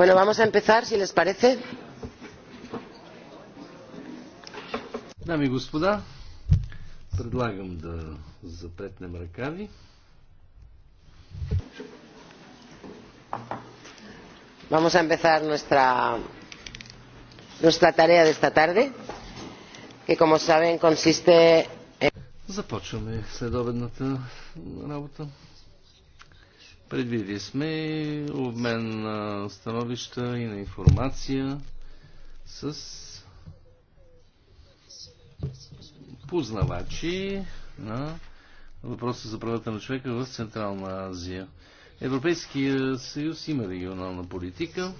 Bueno, vamos a empezar, si les parece. Дами и господа, предлагам да запретнем ръкави. Vamos a empezar nuestra, nuestra tarea de esta tarde, que como saben consiste en... Започваме следобедната работа. Предвидили сме обмен на становища и на информация с познавачи на въпроса за правата на човека в Централна Азия. Европейския съюз има регионална политика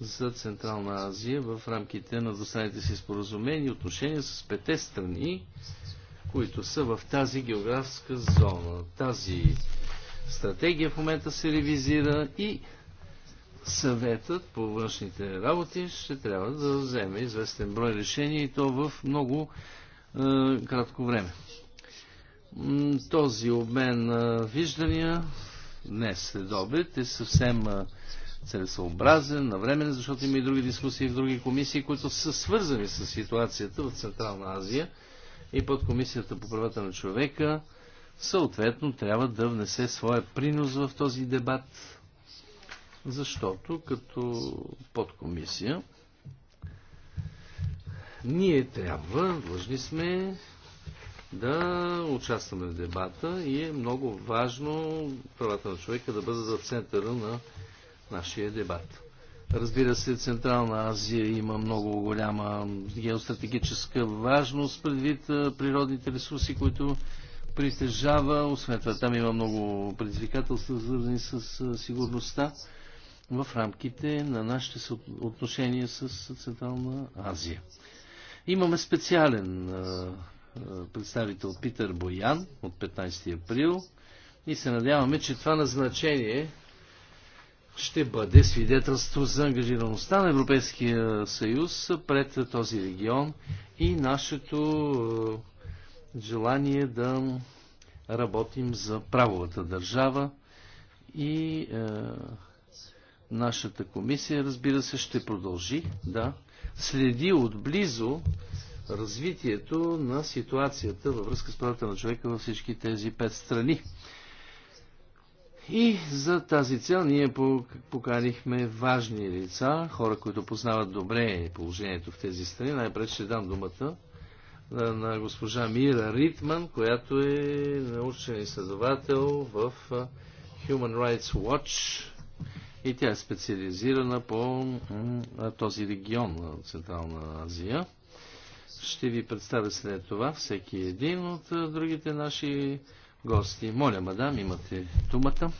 за Централна Азия в рамките на достаните си споразумения и отношения с пете страни, които са в тази географска зона. Тази стратегия в момента се ревизира и съветът по външните работи ще трябва да вземе известен брой решения и то в много е, кратко време. Този обмен на виждания днес след обед е съвсем е, целесообразен, навременен, защото има и други дискусии в други комисии, които са свързани с ситуацията в Централна Азия и под Комисията по правата на човека съответно трябва да внесе своя принос в този дебат, защото като подкомисия ние трябва, длъжни сме да участваме в дебата и е много важно правата на човека да бъдат в центъра на нашия дебат. Разбира се, Централна Азия има много голяма геостратегическа важност предвид природните ресурси, които притежава. Освен това, там има много предизвикателства, свързани с сигурността в рамките на нашите отношения с Централна Азия. Имаме специален представител Питър Боян от 15 април и се надяваме, че това назначение ще бъде свидетелство за ангажираността на Европейския съюз пред този регион и нашето желание да работим за правовата държава и е, нашата комисия, разбира се, ще продължи да следи отблизо развитието на ситуацията във връзка с правата на човека във всички тези пет страни. И за тази цел ние поканихме важни лица, хора, които познават добре положението в тези страни. Най-пред ще дам думата на госпожа Мира Ритман, която е научен изследовател в Human Rights Watch и тя е специализирана по този регион на Централна Азия. Ще ви представя след това всеки един от другите наши гости. Моля, мадам, имате думата.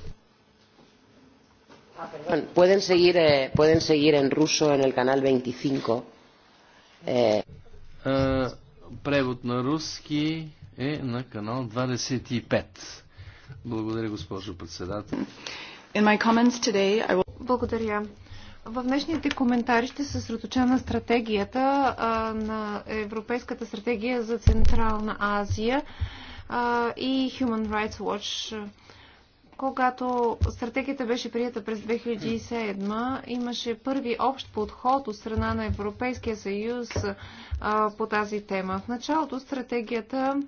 Pueden seguir, eh, pueden seguir en ruso en el canal 25. Eh... Uh Превод на руски е на канал 25. Благодаря, госпожо председател. Today, will... Благодаря. В днешните коментари ще се съсредоточа на стратегията а, на Европейската стратегия за Централна Азия а, и Human Rights Watch когато стратегията беше прията през 2007, имаше първи общ подход от страна на Европейския съюз а, по тази тема. В началото стратегията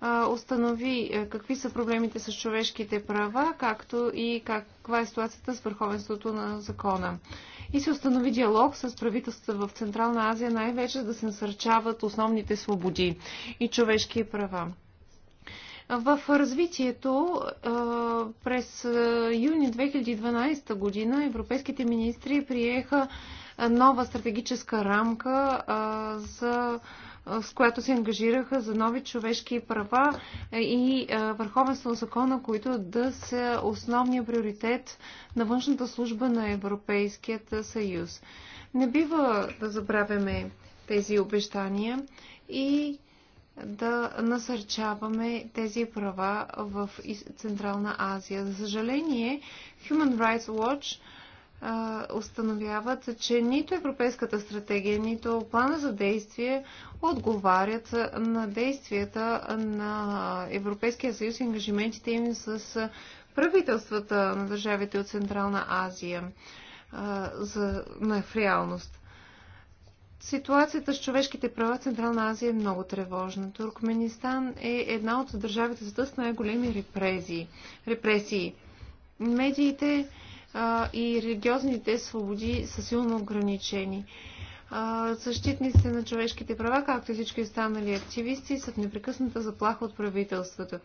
а, установи какви са проблемите с човешките права, както и каква е ситуацията с върховенството на закона. И се установи диалог с правителствата в Централна Азия, най-вече да се насърчават основните свободи и човешки права. В развитието през юни 2012 година европейските министри приеха нова стратегическа рамка, за, с която се ангажираха за нови човешки права и върховенство на закона, които да са основния приоритет на външната служба на Европейският съюз. Не бива да забравяме тези обещания и да насърчаваме тези права в Централна Азия. За съжаление, Human Rights Watch установяват, че нито Европейската стратегия, нито плана за действие отговарят на действията на Европейския съюз и ангажиментите им с правителствата на държавите от Централна Азия за, на, в реалност. Ситуацията с човешките права в Централна Азия е много тревожна. Туркменистан е една от държавите с най-големи репрезии. репресии. Медиите а, и религиозните свободи са силно ограничени. Защитниците на човешките права, както и всички останали активисти, са в непрекъсната заплаха от правителството.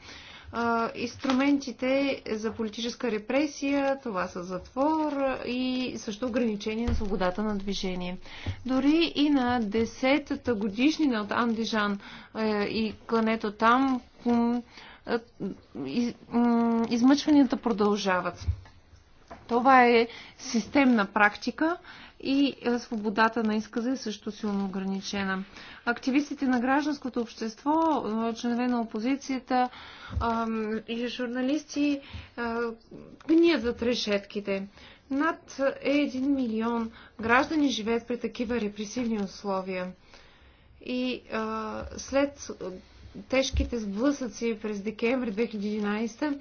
Инструментите за политическа репресия, това са затвор и също ограничение на свободата на движение. Дори и на 10-та годишнина от Андижан и клането там, измъчванията продължават. Това е системна практика и е, свободата на изказа е също силно ограничена. Активистите на гражданското общество, е, членове на опозицията и журналисти е, гният зад решетките. Над 1 милион граждани живеят при такива репресивни условия. И а, след тежките сблъсъци през декември 2011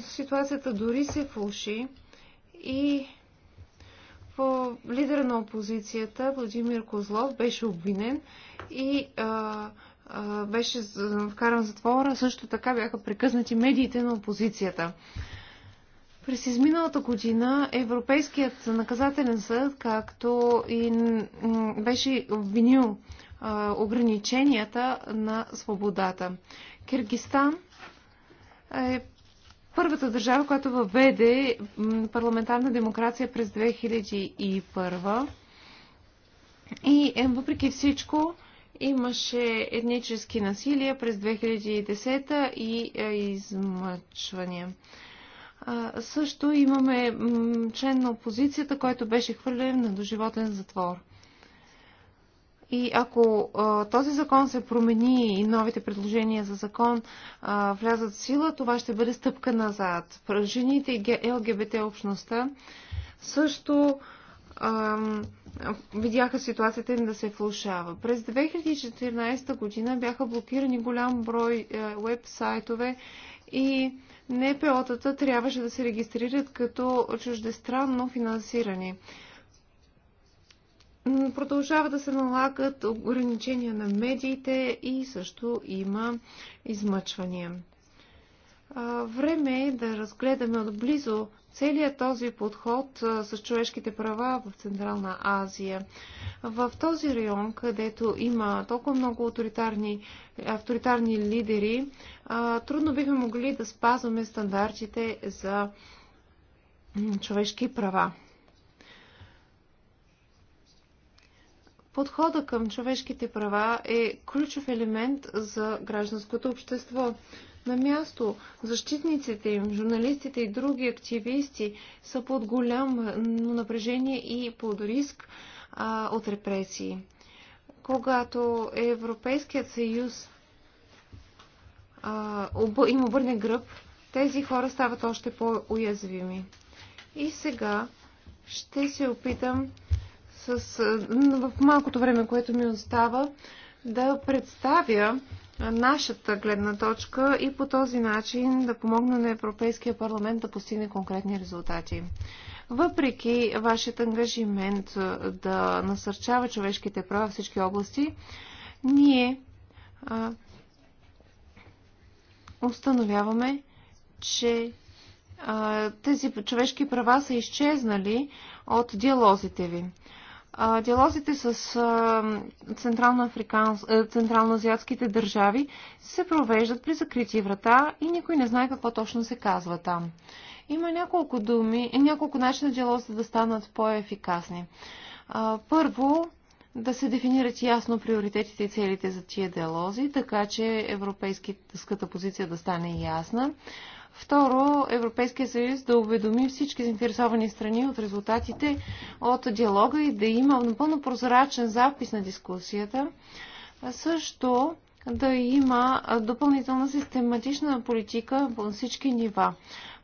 ситуацията дори се фулши и по лидера на опозицията Владимир Козлов беше обвинен и а, а, беше вкаран в затвора. Също така бяха прекъснати медиите на опозицията. През изминалата година Европейският наказателен съд, както и беше обвинил а, ограниченията на свободата. Киргистан е първата държава, която въведе парламентарна демокрация през 2001. И е, въпреки всичко имаше етнически насилия през 2010 и е, измъчвания. А, също имаме член на опозицията, който беше хвърлен на доживотен затвор. И ако а, този закон се промени и новите предложения за закон а, влязат в сила, това ще бъде стъпка назад. Жените и ЛГБТ общността също а, видяха ситуацията им да се влушава. През 2014 година бяха блокирани голям брой веб-сайтове е, и НПО-тата трябваше да се регистрират като чуждестранно финансиране. Продължава да се налагат ограничения на медиите и също има измъчвания. Време е да разгледаме отблизо целият този подход с човешките права в Централна Азия. В този район, където има толкова много авторитарни, авторитарни лидери, трудно бихме могли да спазваме стандартите за човешки права. Подхода към човешките права е ключов елемент за гражданското общество. На място защитниците им, журналистите и други активисти са под голямо напрежение и под риск а, от репресии. Когато Европейският съюз а, им обърне гръб, тези хора стават още по-уязвими. И сега ще се опитам с, в малкото време, което ми остава, да представя нашата гледна точка и по този начин да помогна на Европейския парламент да постигне конкретни резултати. Въпреки вашият ангажимент да насърчава човешките права в всички области, ние а, установяваме, че а, тези човешки права са изчезнали от диалозите ви диалозите с е, централноазиатските държави се провеждат при закрити врата и никой не знае какво точно се казва там. Има няколко думи, и е, няколко начина диалозите да станат по-ефикасни. Първо, да се дефинират ясно приоритетите и целите за тия диалози, така че европейската позиция да стане ясна. Второ, Европейския съюз да уведоми всички заинтересовани страни от резултатите от диалога и да има напълно прозрачен запис на дискусията. също да има допълнителна систематична политика по всички нива.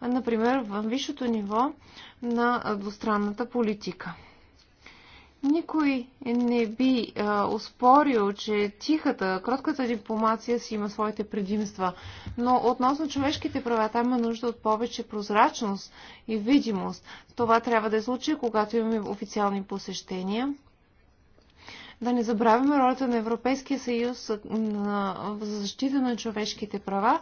Например, в висшото ниво на двустранната политика. Никой не би а, успорил, че тихата, кротката дипломация си има своите предимства, но относно човешките права там има нужда от повече прозрачност и видимост. Това трябва да е случай, когато имаме официални посещения. Да не забравяме ролята на Европейския съюз за защита на човешките права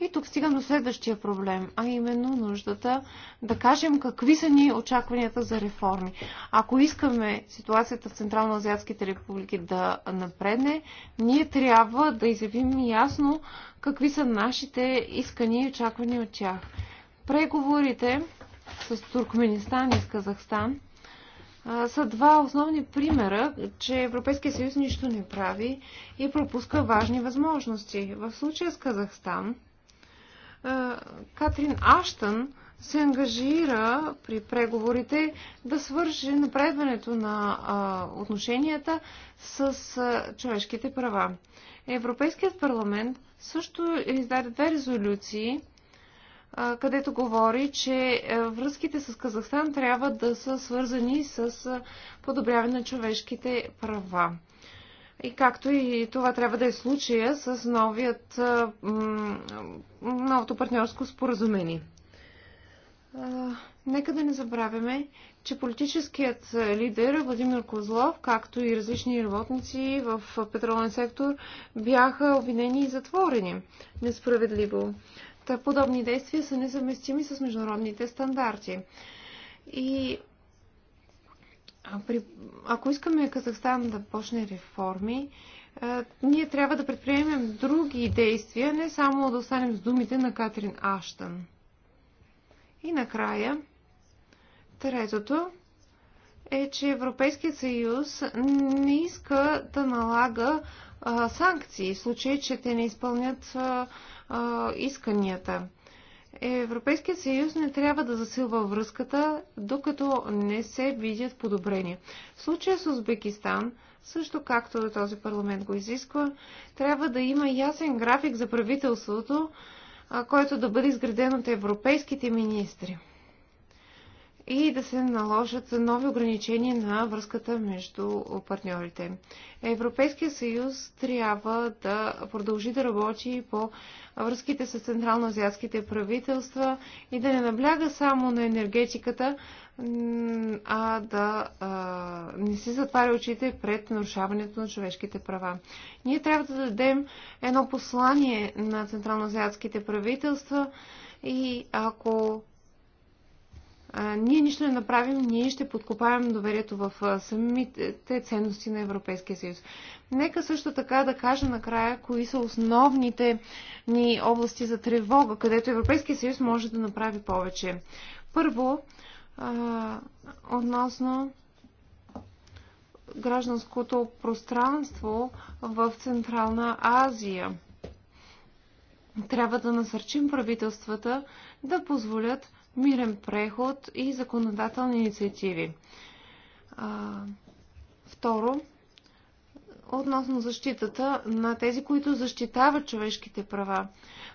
и тук стигам до следващия проблем, а именно нуждата да кажем какви са ни очакванията за реформи. Ако искаме ситуацията в Централно-Азиатските републики да напредне, ние трябва да изявим ясно какви са нашите искания и очаквания от тях. Преговорите с Туркменистан и с Казахстан са два основни примера, че Европейския съюз нищо не прави и пропуска важни възможности. В случая с Казахстан е, Катрин Аштън се ангажира при преговорите да свърши напредването на отношенията с човешките права. Европейският парламент също издаде две резолюции, където говори, че връзките с Казахстан трябва да са свързани с подобряване на човешките права. И както и това трябва да е случая с новият, новото партньорско споразумение. Нека да не забравяме, че политическият лидер Владимир Козлов, както и различни работници в петролен сектор, бяха обвинени и затворени несправедливо. Та подобни действия са несъвместими с международните стандарти. И при, ако искаме Казахстан да почне реформи, а, е, ние трябва да предприемем други действия, не само да останем с думите на Катрин Аштън. И накрая, третото е, че Европейският съюз не иска да налага а, санкции в случай, че те не изпълнят а, а, исканията. Европейският съюз не трябва да засилва връзката, докато не се видят подобрения. В случая с Узбекистан, също както този парламент го изисква, трябва да има ясен график за правителството, който да бъде изграден от европейските министри и да се наложат нови ограничения на връзката между партньорите. Европейския съюз трябва да продължи да работи по връзките с централноазиатските правителства и да не набляга само на енергетиката, а да а, не си затваря очите пред нарушаването на човешките права. Ние трябва да дадем едно послание на централноазиатските правителства и ако а, ние нищо не направим, ние ще подкопаем доверието в а, самите ценности на Европейския съюз. Нека също така да кажа накрая кои са основните ни области за тревога, където Европейския съюз може да направи повече. Първо, а, относно гражданското пространство в Централна Азия. Трябва да насърчим правителствата да позволят мирен преход и законодателни инициативи. А, второ, относно защитата на тези, които защитават човешките права.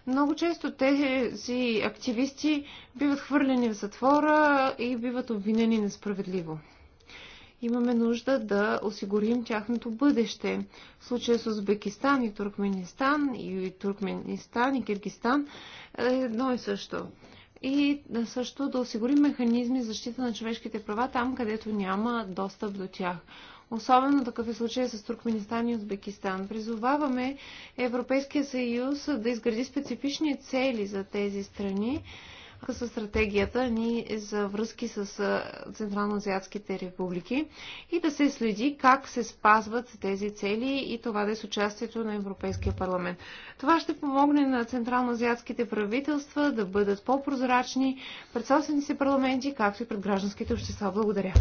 Много често тези активисти биват хвърлени в затвора и биват обвинени несправедливо. Имаме нужда да осигурим тяхното бъдеще. В случая с Узбекистан и Туркменистан и Туркменистан и Киргистан е едно и също и да също да осигурим механизми за защита на човешките права там, където няма достъп до тях. Особено такъв е случай с Туркменистан и Узбекистан. Призоваваме Европейския съюз да изгради специфични цели за тези страни с стратегията ни е за връзки с Централно-Азиатските републики и да се следи как се спазват тези цели и това да е с участието на Европейския парламент. Това ще помогне на Централно-Азиатските правителства да бъдат по-прозрачни пред собствените си парламенти, както и пред гражданските общества. Благодаря.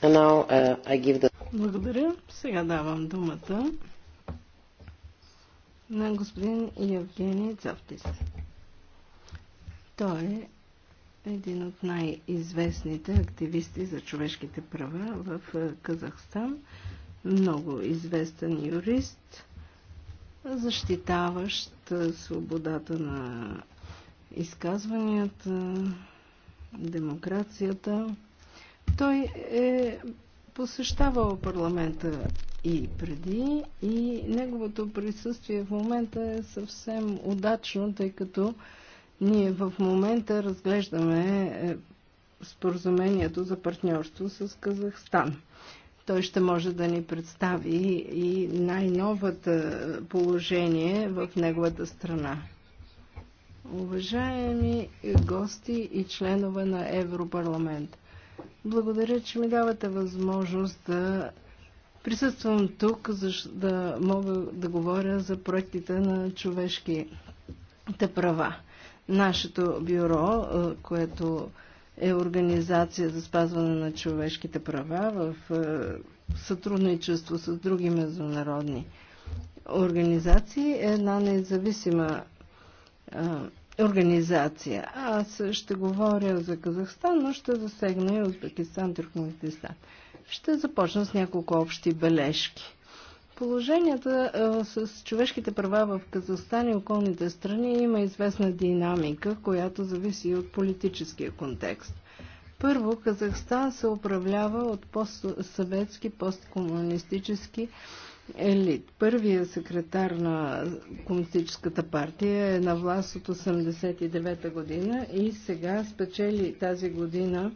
Uh, Благодаря. Сега давам думата на господин Евгений Цавтис. Той е един от най-известните активисти за човешките права в е, Казахстан, много известен юрист, защитаващ е, свободата на изказванията, демокрацията. Той е посещавал парламента и преди и неговото присъствие в момента е съвсем удачно, тъй като ние в момента разглеждаме е, споразумението за партньорство с Казахстан. Той ще може да ни представи и най-новата положение в неговата страна. Уважаеми гости и членове на Европарламент, благодаря, че ми давате възможност да присъствам тук, за да мога да говоря за проектите на човешките права. Нашето бюро, е, което е Организация за спазване на човешките права в е, сътрудничество с други международни организации, е една независима е, организация. Аз ще говоря за Казахстан, но ще засегна и Узбекистан, Туркменистан. Ще започна с няколко общи бележки. Положенията с човешките права в Казахстан и околните страни има известна динамика, която зависи от политическия контекст. Първо, Казахстан се управлява от постсъветски, посткомунистически елит. Първият секретар на Комунистическата партия е на власт от 89 година и сега спечели тази година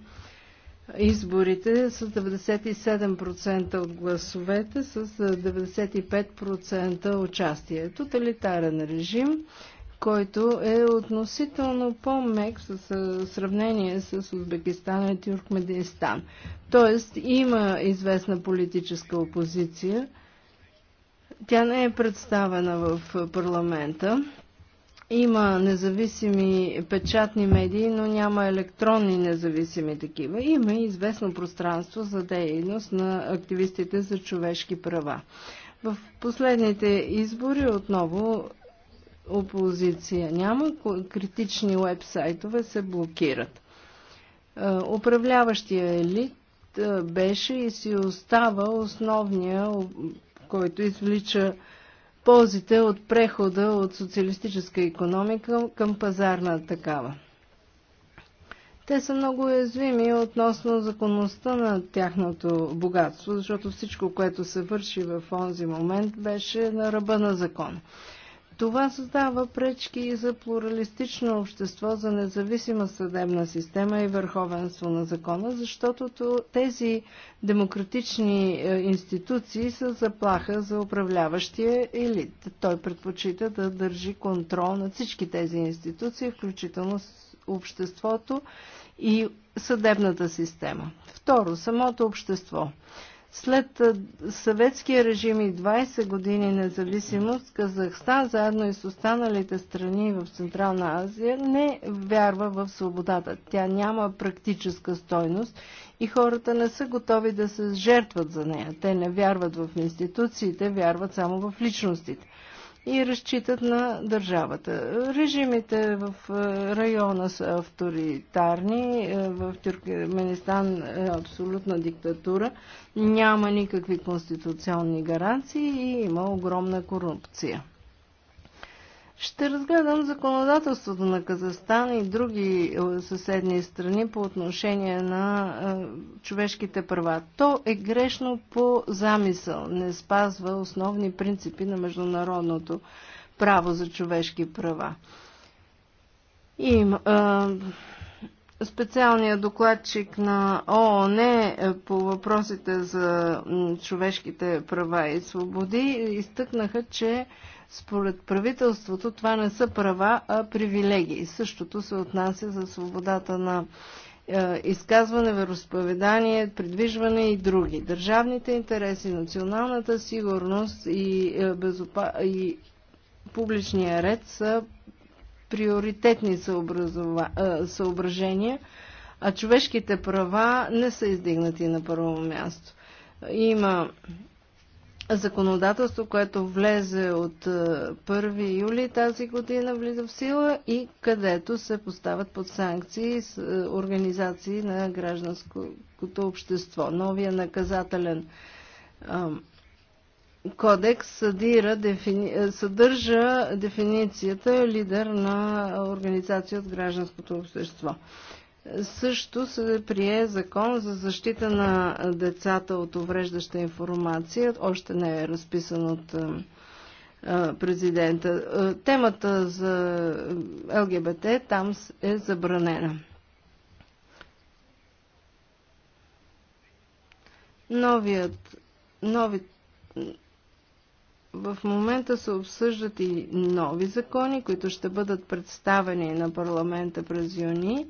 изборите с 97% от гласовете, с 95% участие. Тоталитарен режим, който е относително по-мек с сравнение с Узбекистан и Тюркмедистан. Тоест има известна политическа опозиция. Тя не е представена в парламента. Има независими печатни медии, но няма електронни независими такива. Има и известно пространство за дейност на активистите за човешки права. В последните избори отново опозиция няма, критични вебсайтове се блокират. Е, управляващия елит е, беше и си остава основния, който извлича ползите от прехода от социалистическа економика към пазарна такава. Те са много уязвими относно законността на тяхното богатство, защото всичко, което се върши в онзи момент, беше на ръба на закон. Това създава пречки и за плуралистично общество, за независима съдебна система и върховенство на закона, защото тези демократични е, институции са заплаха за управляващия елит. Той предпочита да държи контрол над всички тези институции, включително обществото и съдебната система. Второ, самото общество. След съветския режим и 20 години независимост, Казахстан, заедно и с останалите страни в Централна Азия, не вярва в свободата. Тя няма практическа стойност и хората не са готови да се жертват за нея. Те не вярват в институциите, вярват само в личностите и разчитат на държавата. Режимите в е, района са авторитарни, е, в Тюркменистан е абсолютна диктатура, няма никакви конституционни гаранции и има огромна корупция. Ще разгледам законодателството на Казахстан и други е, съседни страни по отношение на е, човешките права. То е грешно по замисъл, не спазва основни принципи на международното право за човешки права. И а, е, специалният докладчик на ООН по въпросите за човешките права и свободи изтъкнаха, че според правителството това не са права, а привилегии. Същото се отнася за свободата на е, изказване, вероисповедание, придвижване и други. Държавните интереси, националната сигурност и, е, безопа... и публичния ред са приоритетни съобразова... Е, съображения, а човешките права не са издигнати на първо място. Има законодателство, което влезе от 1 е, юли тази година, влиза в сила и където се поставят под санкции с е, организации на гражданското общество. Новия наказателен е, кодекс съдира, дефини... съдържа дефиницията лидер на организация от гражданското общество също се прие закон за защита на децата от увреждаща информация. Още не е разписан от е, е, президента. Е, темата за ЛГБТ там е забранена. Новият, нови, в момента се обсъждат и нови закони, които ще бъдат представени на парламента през юни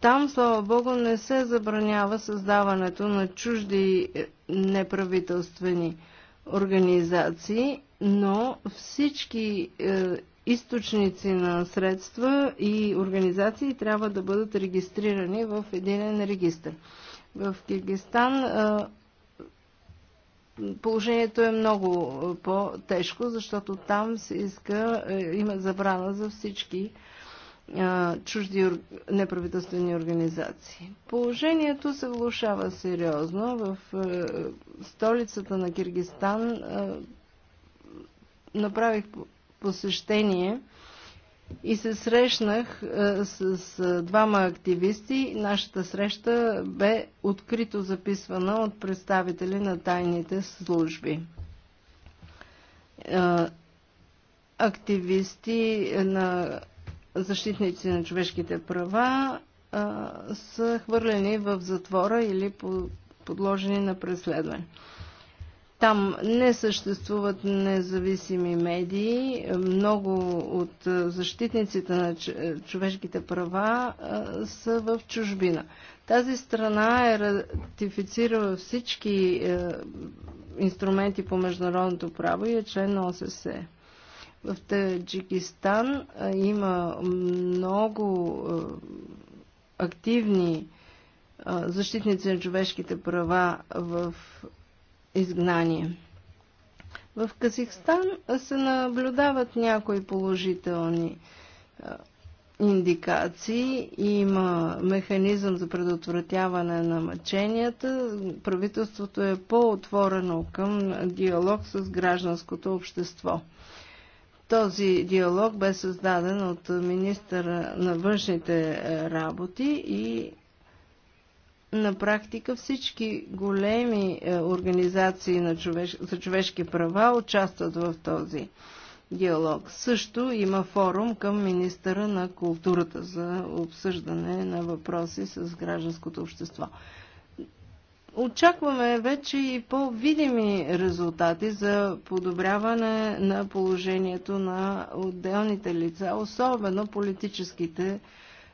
там, слава Богу, не се забранява създаването на чужди е, неправителствени организации, но всички е, източници на средства и организации трябва да бъдат регистрирани в един регистр. В Киргистан е, положението е много по-тежко, защото там се иска, има забрана за всички чужди неправителствени организации. Положението се влушава сериозно. В столицата на Киргистан направих посещение и се срещнах с двама активисти. Нашата среща бе открито записвана от представители на тайните служби активисти на защитници на човешките права а, са хвърлени в затвора или по, подложени на преследване. Там не съществуват независими медии. Много от защитниците на човешките права а, са в чужбина. Тази страна е ратифицирала всички е, инструменти по международното право и е член на ОССЕ. В Таджикистан има много активни защитници на човешките права в изгнание. В Казахстан се наблюдават някои положителни индикации. Има механизъм за предотвратяване на мъченията. Правителството е по-отворено към диалог с гражданското общество. Този диалог бе създаден от министъра на външните е, работи и на практика всички големи е, организации на човеш... за човешки права участват в този диалог. Също има форум към министъра на културата за обсъждане на въпроси с гражданското общество. Очакваме вече и по-видими резултати за подобряване на положението на отделните лица, особено политическите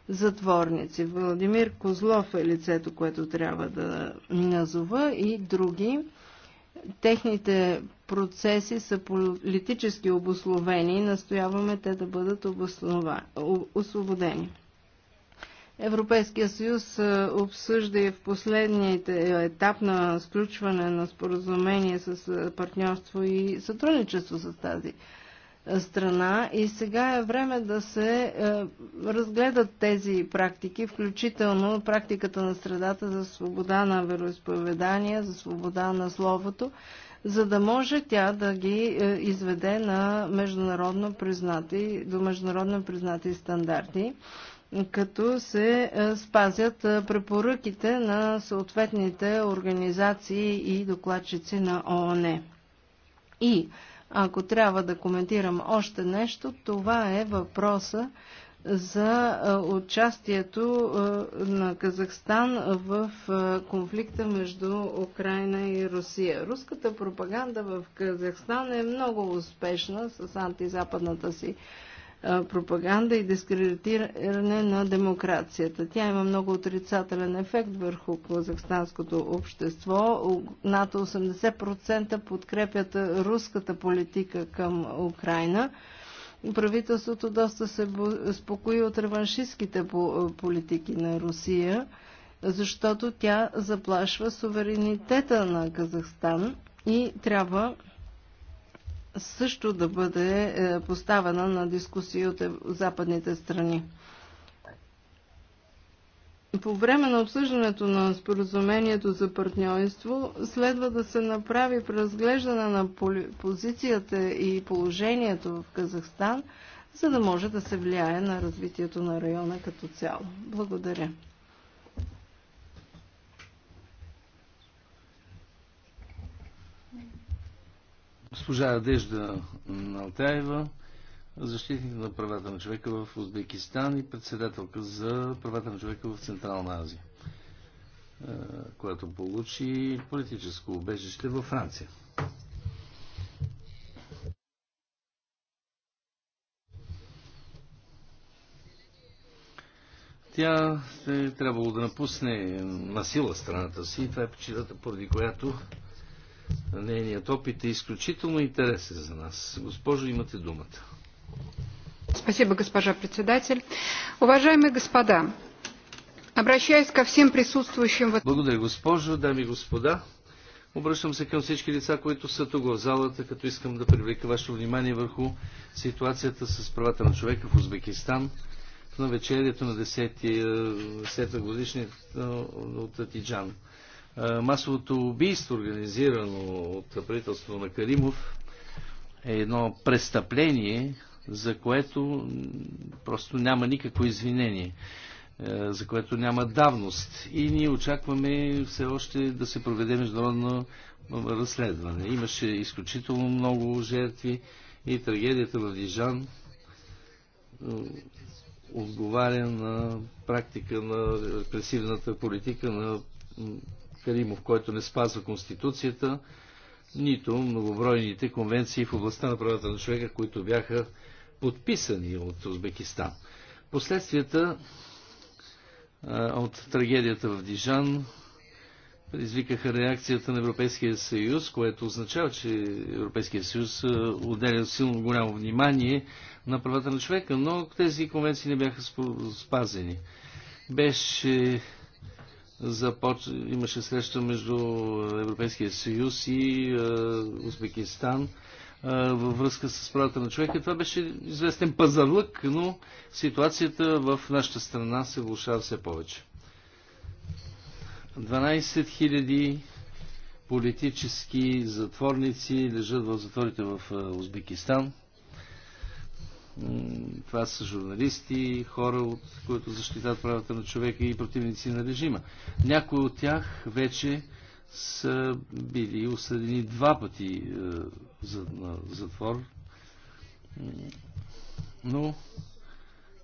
затворници. Владимир Козлов е лицето, което трябва да назова и други. Техните процеси са политически обословени и настояваме те да бъдат освободени. Европейския съюз обсъжда и в последния етап на сключване на споразумение с партньорство и сътрудничество с тази страна и сега е време да се разгледат тези практики, включително практиката на средата за свобода на вероисповедания, за свобода на словото, за да може тя да ги изведе на международно признати, до международно признати стандарти като се е, спазят е, препоръките на съответните организации и докладчици на ООН. И ако трябва да коментирам още нещо, това е въпроса за е, участието на Казахстан в конфликта между Украина и Русия. Руската пропаганда в Казахстан е много успешна с антизападната си пропаганда и дискредитиране на демокрацията. Тя има много отрицателен ефект върху казахстанското общество. Над 80% подкрепят руската политика към Украина. Правителството доста се спокои от реваншистските политики на Русия, защото тя заплашва суверенитета на Казахстан и трябва също да бъде е, поставена на дискусии от западните страни. По време на обсъждането на споразумението за партньорство следва да се направи преразглеждане на позицията и положението в Казахстан, за да може да се влияе на развитието на района като цяло. Благодаря. Госпожа Надежда Алтяева, защитник на правата на човека в Узбекистан и председателка за правата на човека в Централна Азия, която получи политическо убежище във Франция. Тя е трябвало да напусне насила страната си и това е причината, поради която Нейният опит е изключително интересен за нас. Госпожо, имате думата. Спасибо, госпожа председател. Уважаеми господа, обращаясь ко всем присутствующим... Благодаря, госпожо, дами и господа. Обръщам се към всички лица, които са тук в залата, като искам да привлека ваше внимание върху ситуацията с правата на човека в Узбекистан в навечерието на 10-та годишния от Атиджан масовото убийство, организирано от правителството на Каримов, е едно престъпление, за което просто няма никакво извинение, за което няма давност. И ние очакваме все още да се проведе международно разследване. Имаше изключително много жертви и трагедията в Дижан отговаря на практика на репресивната политика на Каримов, който не спазва Конституцията, нито многобройните конвенции в областта на правата на човека, които бяха подписани от Узбекистан. Последствията от трагедията в Дижан предизвикаха реакцията на Европейския съюз, което означава, че Европейския съюз отделя силно голямо внимание на правата на човека, но тези конвенции не бяха спазени. Беше започ... имаше среща между Европейския съюз и е, Узбекистан е, във връзка с правата на човека. Това беше известен пазарлък, но ситуацията в нашата страна се влушава все повече. 12 000 политически затворници лежат в затворите в Узбекистан. Това са журналисти, хора, от които защитават правата на човека и противници на режима. Някои от тях вече са били осъдени два пъти е, за, на затвор. Но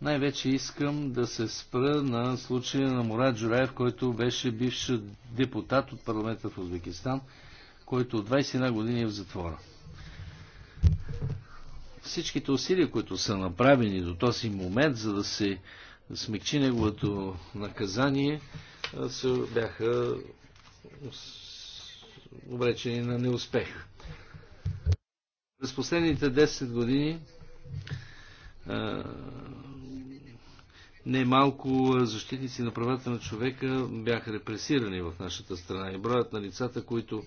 най-вече искам да се спра на случая на Мурат Джураев, който беше бивш депутат от парламента в Узбекистан, който от 21 години е в затвора всичките усилия, които са направени до този момент, за да се смекчи неговото наказание, се бяха обречени на неуспех. През последните 10 години немалко защитници на правата на човека бяха репресирани в нашата страна и броят на лицата, които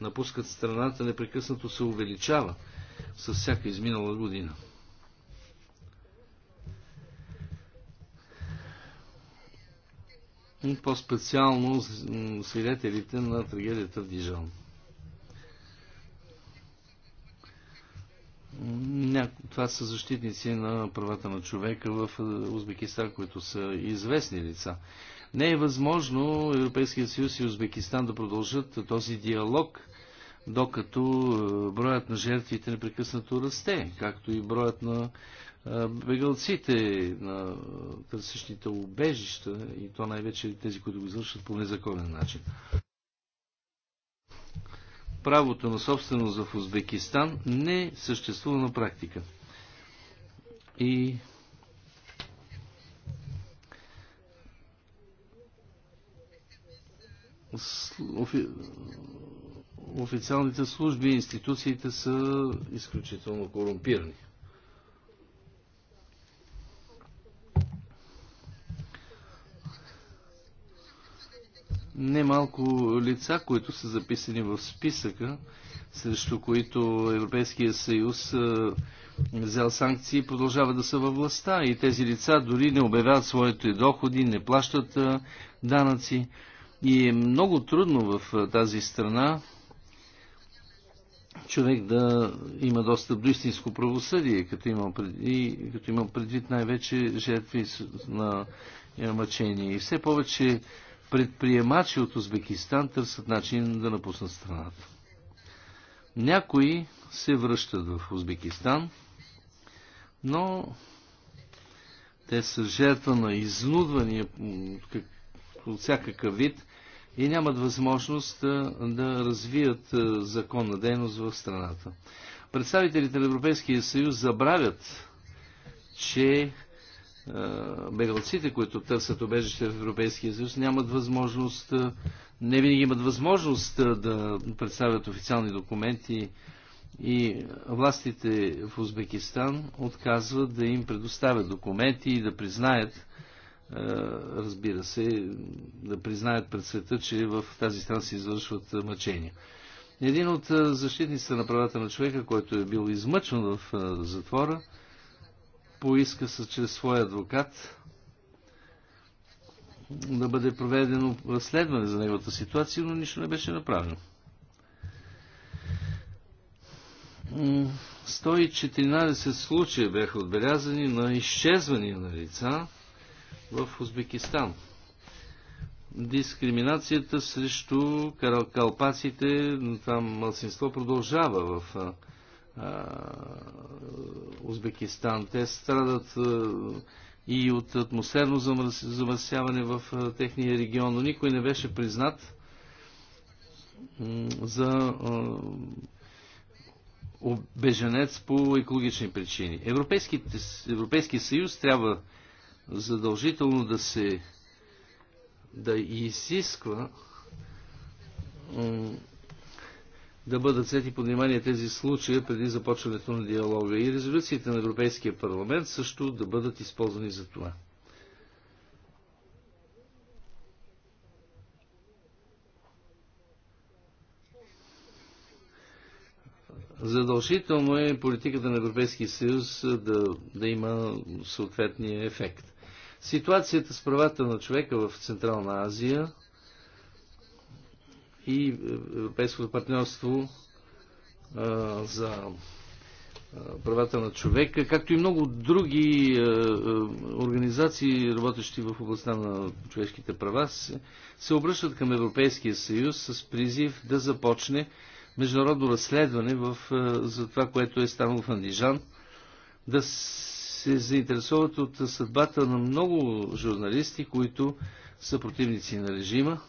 напускат страната, непрекъснато се увеличава с всяка изминала година. По-специално свидетелите на трагедията в Дижан. Това са защитници на правата на човека в е, Узбекистан, които са известни лица. Не е възможно Европейския съюз и Узбекистан да продължат този диалог, докато е, броят на жертвите непрекъснато расте, както и броят на е, бегалците, на е, търсещите убежища и то най-вече тези, които го извършват по незаконен начин. Правото на собственост в Узбекистан не съществува на практика. И официалните служби и институциите са изключително корумпирани. немалко лица, които са записани в списъка, срещу които Европейския съюз е, взял санкции и продължава да са във властта. И тези лица дори не обявяват своите доходи, не плащат е, данъци. И е много трудно в е, тази страна човек да има достъп до истинско правосъдие, като имам предвид, като имам предвид най-вече жертви на е, мъчение. И все повече предприемачи от Узбекистан търсят начин да напуснат страната. Някои се връщат в Узбекистан, но те са жертва на изнудвания от всякакъв вид и нямат възможност да развият законна дейност в страната. Представителите на Европейския съюз забравят, че бегалците, които търсят обежище в Европейския съюз, нямат възможност, не винаги имат възможност да представят официални документи и властите в Узбекистан отказват да им предоставят документи и да признаят, е, разбира се, да признаят пред света, че в тази страна се извършват е, мъчения. Един от е, защитниците на правата на човека, който е бил измъчен в затвора, поиска се чрез своя адвокат да бъде проведено разследване за неговата ситуация, но нищо не беше направено. 114 случая бяха отбелязани на изчезвания на лица, в Узбекистан. Дискриминацията срещу калпаците, там мълсинство продължава в а, Узбекистан. Те страдат а, и от атмосферно замърсяване в а, техния регион, но никой не беше признат за беженец по екологични причини. Европейските, Европейски съюз трябва задължително да се да изисква да бъдат взети под внимание тези случаи преди започването на диалога и резолюциите на Европейския парламент също да бъдат използвани за това. Задължително е политиката на Европейския съюз да, да има съответния ефект. Ситуацията с правата на човека в Централна Азия и е, Европейското партньорство а, е, за е, правата на човека, както и много други а, организации, работещи в областта на човешките права, се, се обръщат към Европейския съюз с призив да започне международно разследване в, а, за това, което е станало в Андижан, да се заинтересуват от съдбата на много журналисти, които са противници на режима.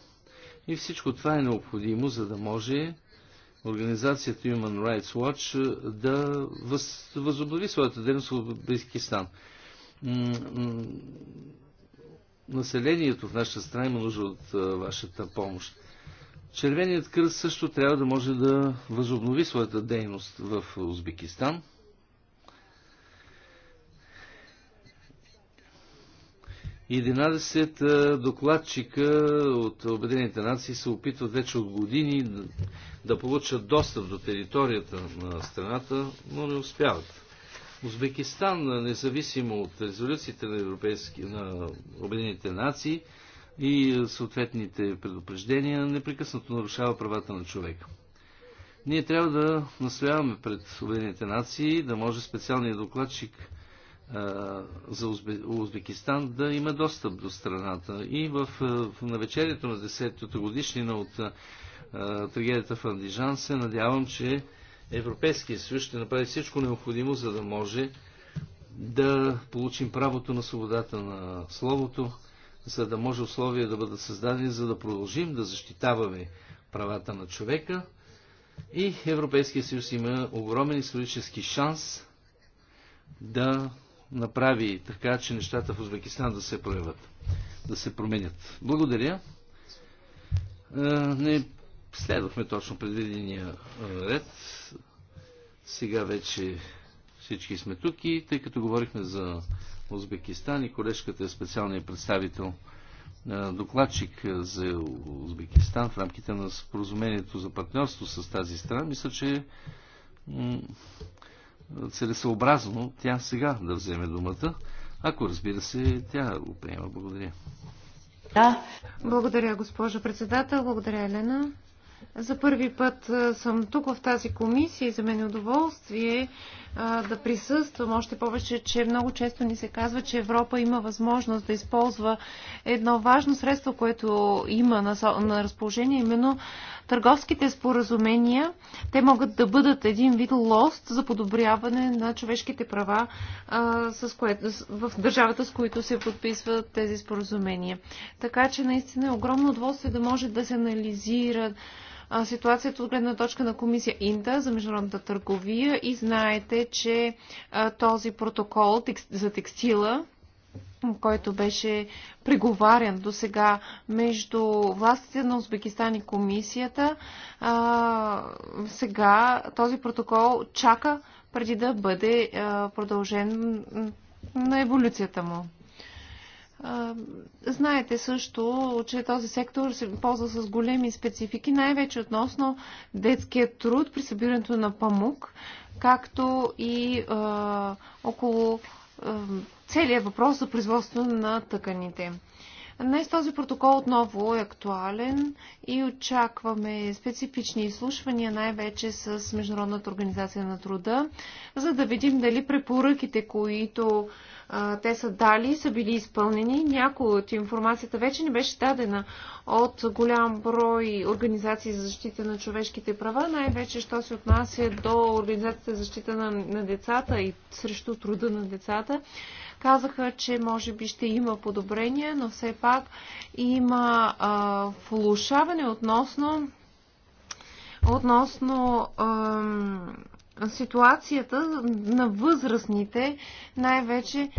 И всичко това е необходимо, за да може организацията Human Rights Watch да въз, възобнови своята дейност в Узбекистан. Населението в нашата страна има нужда от а, вашата помощ. Червеният кръст също трябва да може да възобнови своята дейност в Узбекистан – 11 докладчика от Обединените нации се опитват вече от години да получат достъп до територията на страната, но не успяват. Узбекистан, независимо от резолюциите на, европейски, на Обединените нации и съответните предупреждения, непрекъснато нарушава правата на човека. Ние трябва да настояваме пред Обединените нации да може специалният докладчик за Узбекистан да има достъп до страната. И в, в навечерието на 10-та годишнина от а, трагедията в Андижан се надявам, че Европейския съюз ще направи всичко необходимо, за да може да получим правото на свободата на словото, за да може условия да бъдат създадени, за да продължим да защитаваме правата на човека. И Европейския съюз има огромен исторически шанс да направи така, че нещата в Узбекистан да се проявят, да се променят. Благодаря. Е, не следвахме точно предвидения е, ред. Сега вече всички сме тук и тъй като говорихме за Узбекистан и колежката е специалният представител е, докладчик за Узбекистан в рамките на споразумението за партньорство с тази страна, мисля, че целесообразно тя сега да вземе думата, ако разбира се тя го приема. Благодаря. Да. Благодаря, госпожо председател. Благодаря, Елена. За първи път съм тук в тази комисия и за мен е удоволствие а, да присъствам. Още повече, че много често ни се казва, че Европа има възможност да използва едно важно средство, което има на, на разположение, именно търговските споразумения. Те могат да бъдат един вид лост за подобряване на човешките права а, с което, в държавата, с които се подписват тези споразумения. Така че наистина е огромно удоволствие да може да се анализират ситуацията от гледна точка на комисия Инда за международната търговия и знаете, че този протокол за текстила който беше преговарян до сега между властите на Узбекистан и комисията. А, сега този протокол чака преди да бъде а, продължен на еволюцията му. Знаете също, че този сектор се ползва с големи специфики, най-вече относно детския труд при събирането на памук, както и е, около е, целият въпрос за производство на тъканите. Днес този протокол отново е актуален и очакваме специфични изслушвания, най-вече с Международната организация на труда, за да видим дали препоръките, които а, те са дали, са били изпълнени. Някои от информацията вече не беше дадена от голям брой организации за защита на човешките права, най-вече, що се отнася до Организацията за защита на, на децата и срещу труда на децата. Казаха, че може би ще има подобрения, но все пак има а, влушаване относно, относно а, ситуацията на възрастните, най-вече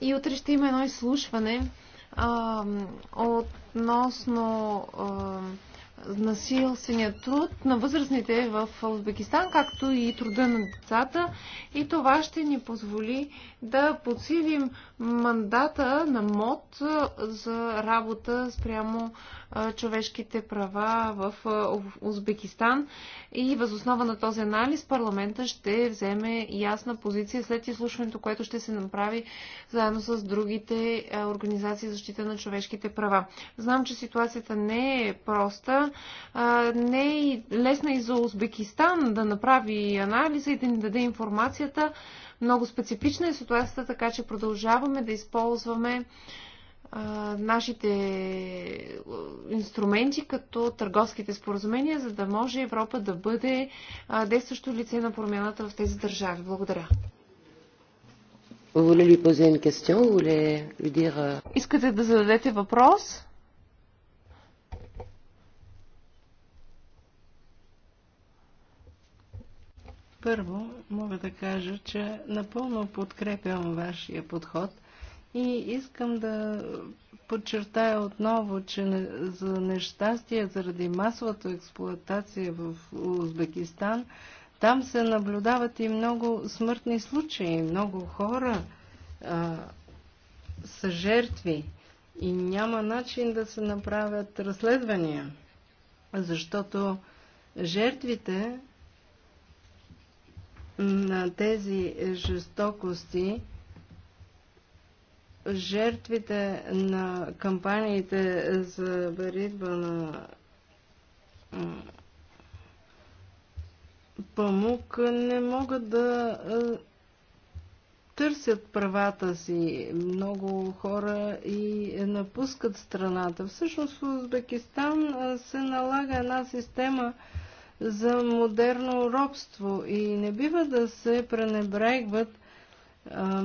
И утре ще има едно изслушване а, относно а, насилствения труд на възрастните в Узбекистан, както и труда на децата. И това ще ни позволи да подсилим мандата на МОД за работа спрямо човешките права в Узбекистан. И възоснова на този анализ парламента ще вземе ясна позиция след изслушването, което ще се направи заедно с другите организации за защита на човешките права. Знам, че ситуацията не е проста а, не е лесна и за Узбекистан да направи анализа и да ни даде информацията. Много специфична е ситуацията, така че продължаваме да използваме а, нашите инструменти като търговските споразумения, за да може Европа да бъде а, действащо лице на промяната в тези държави. Благодаря. Euh, Искате да зададете въпрос? Първо, мога да кажа, че напълно подкрепям вашия подход и искам да подчертая отново, че за нещастие заради масовата експлуатация в Узбекистан, там се наблюдават и много смъртни случаи, много хора а, са жертви и няма начин да се направят разследвания, защото жертвите на тези жестокости жертвите на кампаниите за баритба на памук не могат да търсят правата си. Много хора и напускат страната. Всъщност в Узбекистан се налага една система – за модерно робство и не бива да се пренебрегват а,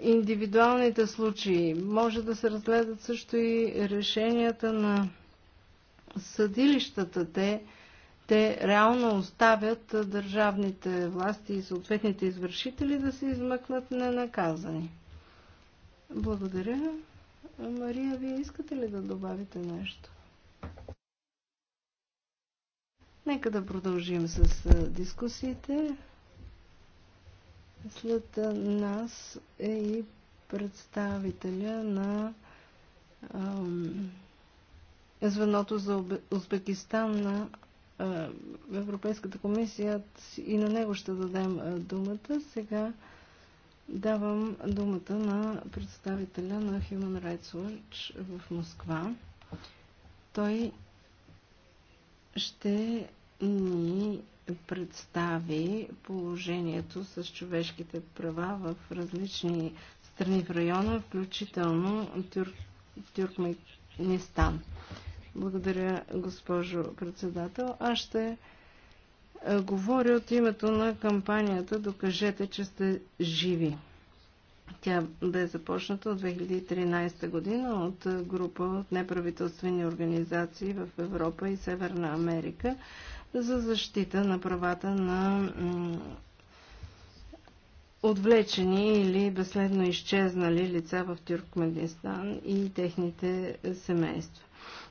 индивидуалните случаи. Може да се разгледат също и решенията на съдилищата. Те, те реално оставят държавните власти и съответните извършители да се измъкнат ненаказани. Благодаря. Мария, вие искате ли да добавите нещо? Нека да продължим с дискусиите. След нас е и представителя на ам, звеното за Узбекистан на ам, Европейската комисия и на него ще дадем думата. Сега давам думата на представителя на Human Rights Watch в Москва. Той ще ни представи положението с човешките права в различни страни в района, включително Тюр... Тюркменистан. Благодаря, госпожо председател. Аз ще е, говоря от името на кампанията Докажете, че сте живи. Тя бе започната от 2013 година от група от неправителствени организации в Европа и Северна Америка за защита на правата на отвлечени или безследно изчезнали лица в Тюркменистан и техните семейства.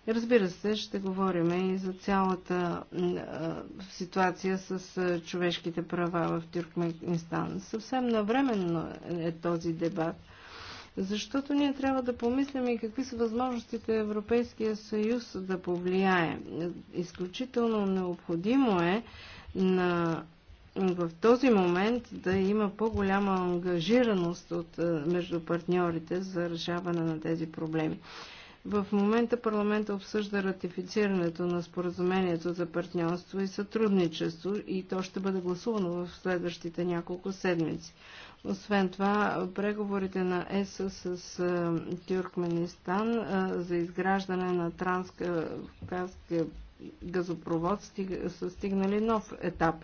Разбира се, ще говорим и за цялата ситуация с човешките права в Тюркменистан. Съвсем навременно е този дебат, защото ние трябва да помислим и какви са възможностите Европейския съюз да повлияе. Изключително необходимо е на в този момент да има по-голяма ангажираност от, между партньорите за решаване на тези проблеми. В момента парламента обсъжда ратифицирането на споразумението за партньорство и сътрудничество и то ще бъде гласувано в следващите няколко седмици. Освен това, преговорите на ЕС с Тюркменистан за изграждане на транскавказски газопровод са стигнали нов етап.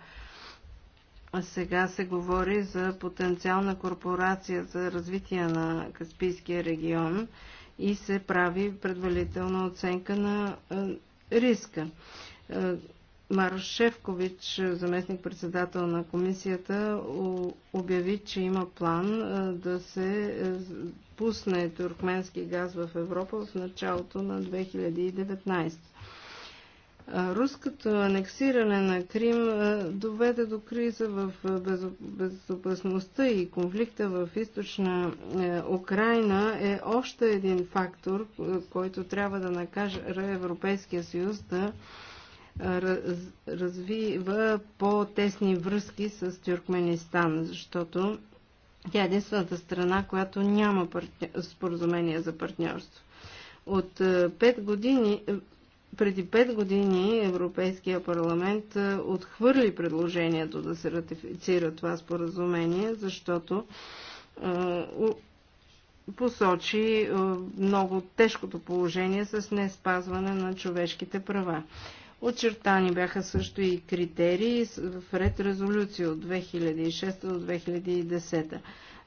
Сега се говори за потенциална корпорация за развитие на Каспийския регион – и се прави предварителна оценка на риска. Марош Шевкович, заместник-председател на комисията, обяви, че има план да се е, пусне туркменски газ в Европа в началото на 2019. Руското анексиране на Крим доведе до криза в безопасността и конфликта в източна е, Украина е още един фактор, който трябва да накаже Европейския съюз да развива по-тесни връзки с Тюркменистан, защото тя е единствената страна, която няма споразумение за партньорство. От 5 години преди 5 години Европейския парламент отхвърли предложението да се ратифицира това споразумение, защото посочи много тежкото положение с не спазване на човешките права. Очертани бяха също и критерии в ред резолюция от 2006 до 2010.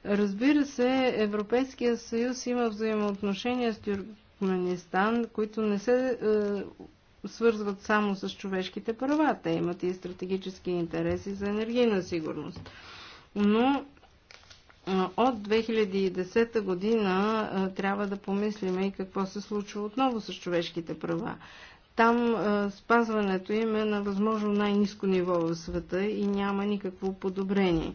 Разбира се, Европейския съюз има взаимоотношения с Туркменистан, които не се е, свързват само с човешките права. Те имат и стратегически интереси за енергийна сигурност. Но е, от 2010 година е, трябва да помислим и какво се случва отново с човешките права. Там е, спазването им е на възможно най-низко ниво в света и няма никакво подобрение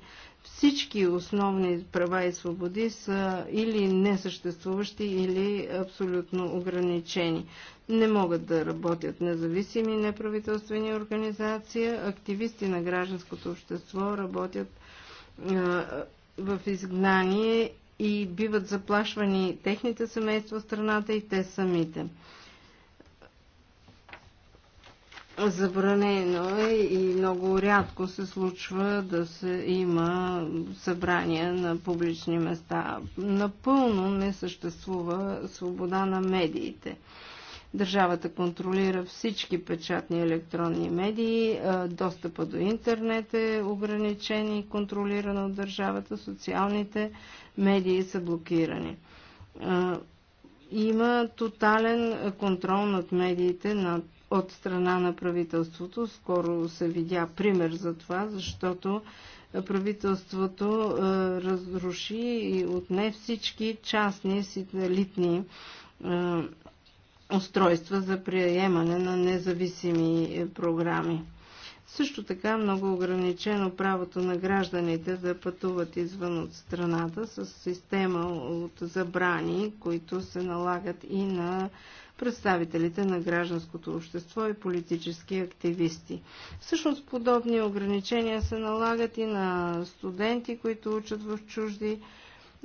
всички основни права и свободи са или несъществуващи, или абсолютно ограничени. Не могат да работят независими неправителствени организации, активисти на гражданското общество работят в изгнание и биват заплашвани техните семейства в страната и те самите забранено е и много рядко се случва да се има събрания на публични места. Напълно не съществува свобода на медиите. Държавата контролира всички печатни електронни медии, достъпа до интернет е ограничен и контролиран от държавата, социалните медии са блокирани има тотален е, контрол над медиите над, от страна на правителството. Скоро се видя пример за това, защото е, правителството е, разруши и отне всички частни сателитни е, устройства за приемане на независими е, програми. Също така много ограничено правото на гражданите да пътуват извън от страната с система от забрани, които се налагат и на представителите на гражданското общество и политически активисти. Всъщност подобни ограничения се налагат и на студенти, които учат в чужди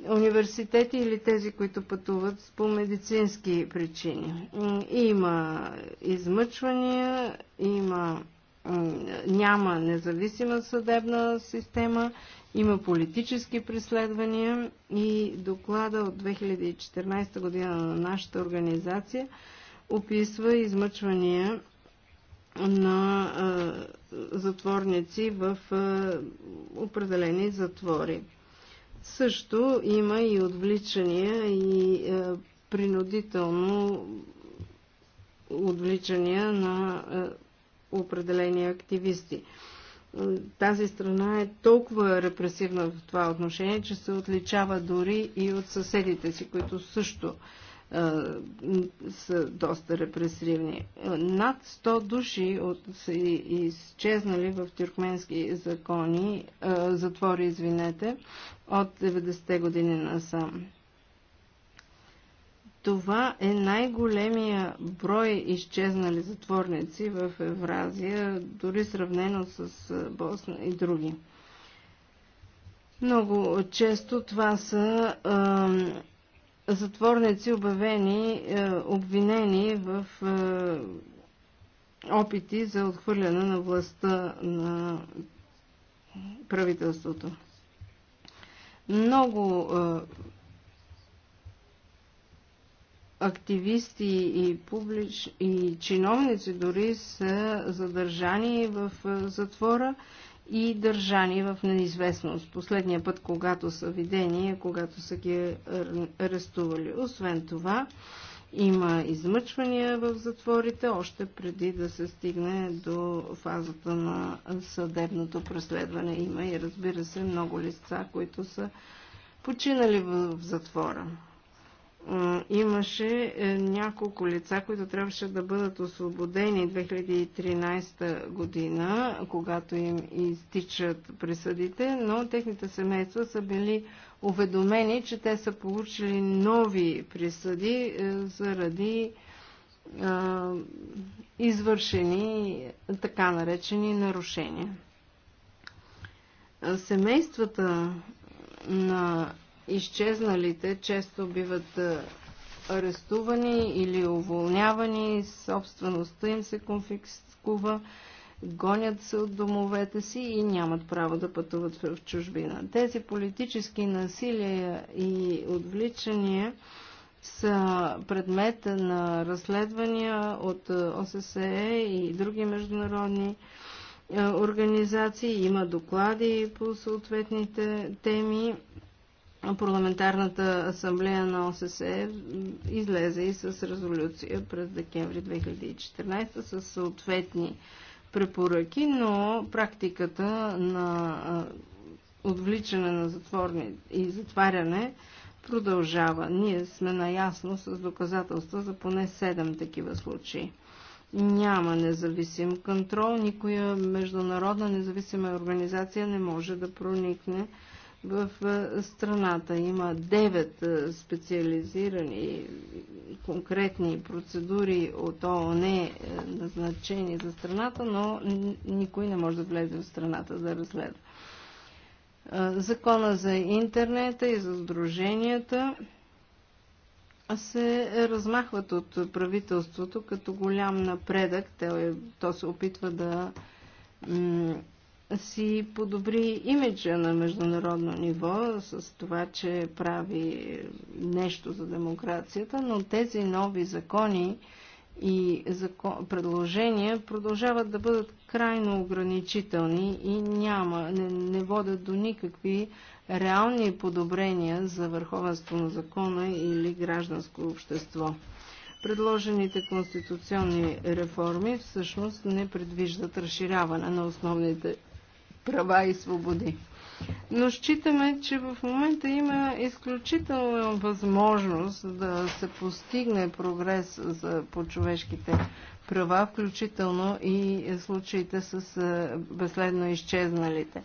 университети или тези, които пътуват по медицински причини. Има измъчвания, има няма независима съдебна система, има политически преследвания и доклада от 2014 година на нашата организация описва измъчвания на затворници в определени затвори. Също има и отвличания и принудително отвличания на определени активисти. Тази страна е толкова репресивна в това отношение, че се отличава дори и от съседите си, които също са доста репресивни. Над 100 души от, са изчезнали в тюркменски закони, затвори, извинете, от 90-те години насам. Това е най-големия брой изчезнали затворници в Евразия, дори сравнено с Босна и други. Много често това са затворници, обявени, е, обвинени в е, опити за отхвърляне на властта на правителството. Много е, активисти и, публич... и чиновници дори са задържани в е, затвора и държани в неизвестност. Последния път, когато са видени, е когато са ги е, арестували. Освен това, има измъчвания в затворите, още преди да се стигне до фазата на съдебното преследване. Има и разбира се много лица, които са починали в затвора имаше е, няколко лица, които трябваше да бъдат освободени 2013 година, когато им изтичат присъдите, но техните семейства са били уведомени, че те са получили нови присъди е, заради извършени така наречени нарушения. Семействата на изчезналите често биват арестувани или уволнявани, собствеността им се конфискува, гонят се от домовете си и нямат право да пътуват в чужбина. Тези политически насилия и отвличания са предмет на разследвания от ОССЕ и други международни организации. Има доклади по съответните теми Парламентарната асамблея на ОССЕ излезе и с резолюция през декември 2014 с съответни препоръки, но практиката на отвличане на затворни и затваряне продължава. Ние сме наясно с доказателства за поне 7 такива случаи. Няма независим контрол, никоя международна независима организация не може да проникне в страната. Има 9 специализирани конкретни процедури от ООН е, назначени за страната, но никой не може да влезе в страната да разследва. Закона за интернета и за сдруженията се размахват от правителството като голям напредък. Те, то се опитва да си подобри имиджа на международно ниво с това, че прави нещо за демокрацията, но тези нови закони и закон, предложения продължават да бъдат крайно ограничителни и няма, не, не водят до никакви реални подобрения за върховенство на закона или гражданско общество. Предложените конституционни реформи всъщност не предвиждат разширяване на основните права и свободи. Но считаме, че в момента има изключителна възможност да се постигне прогрес за, по човешките права, включително и случаите с безследно изчезналите.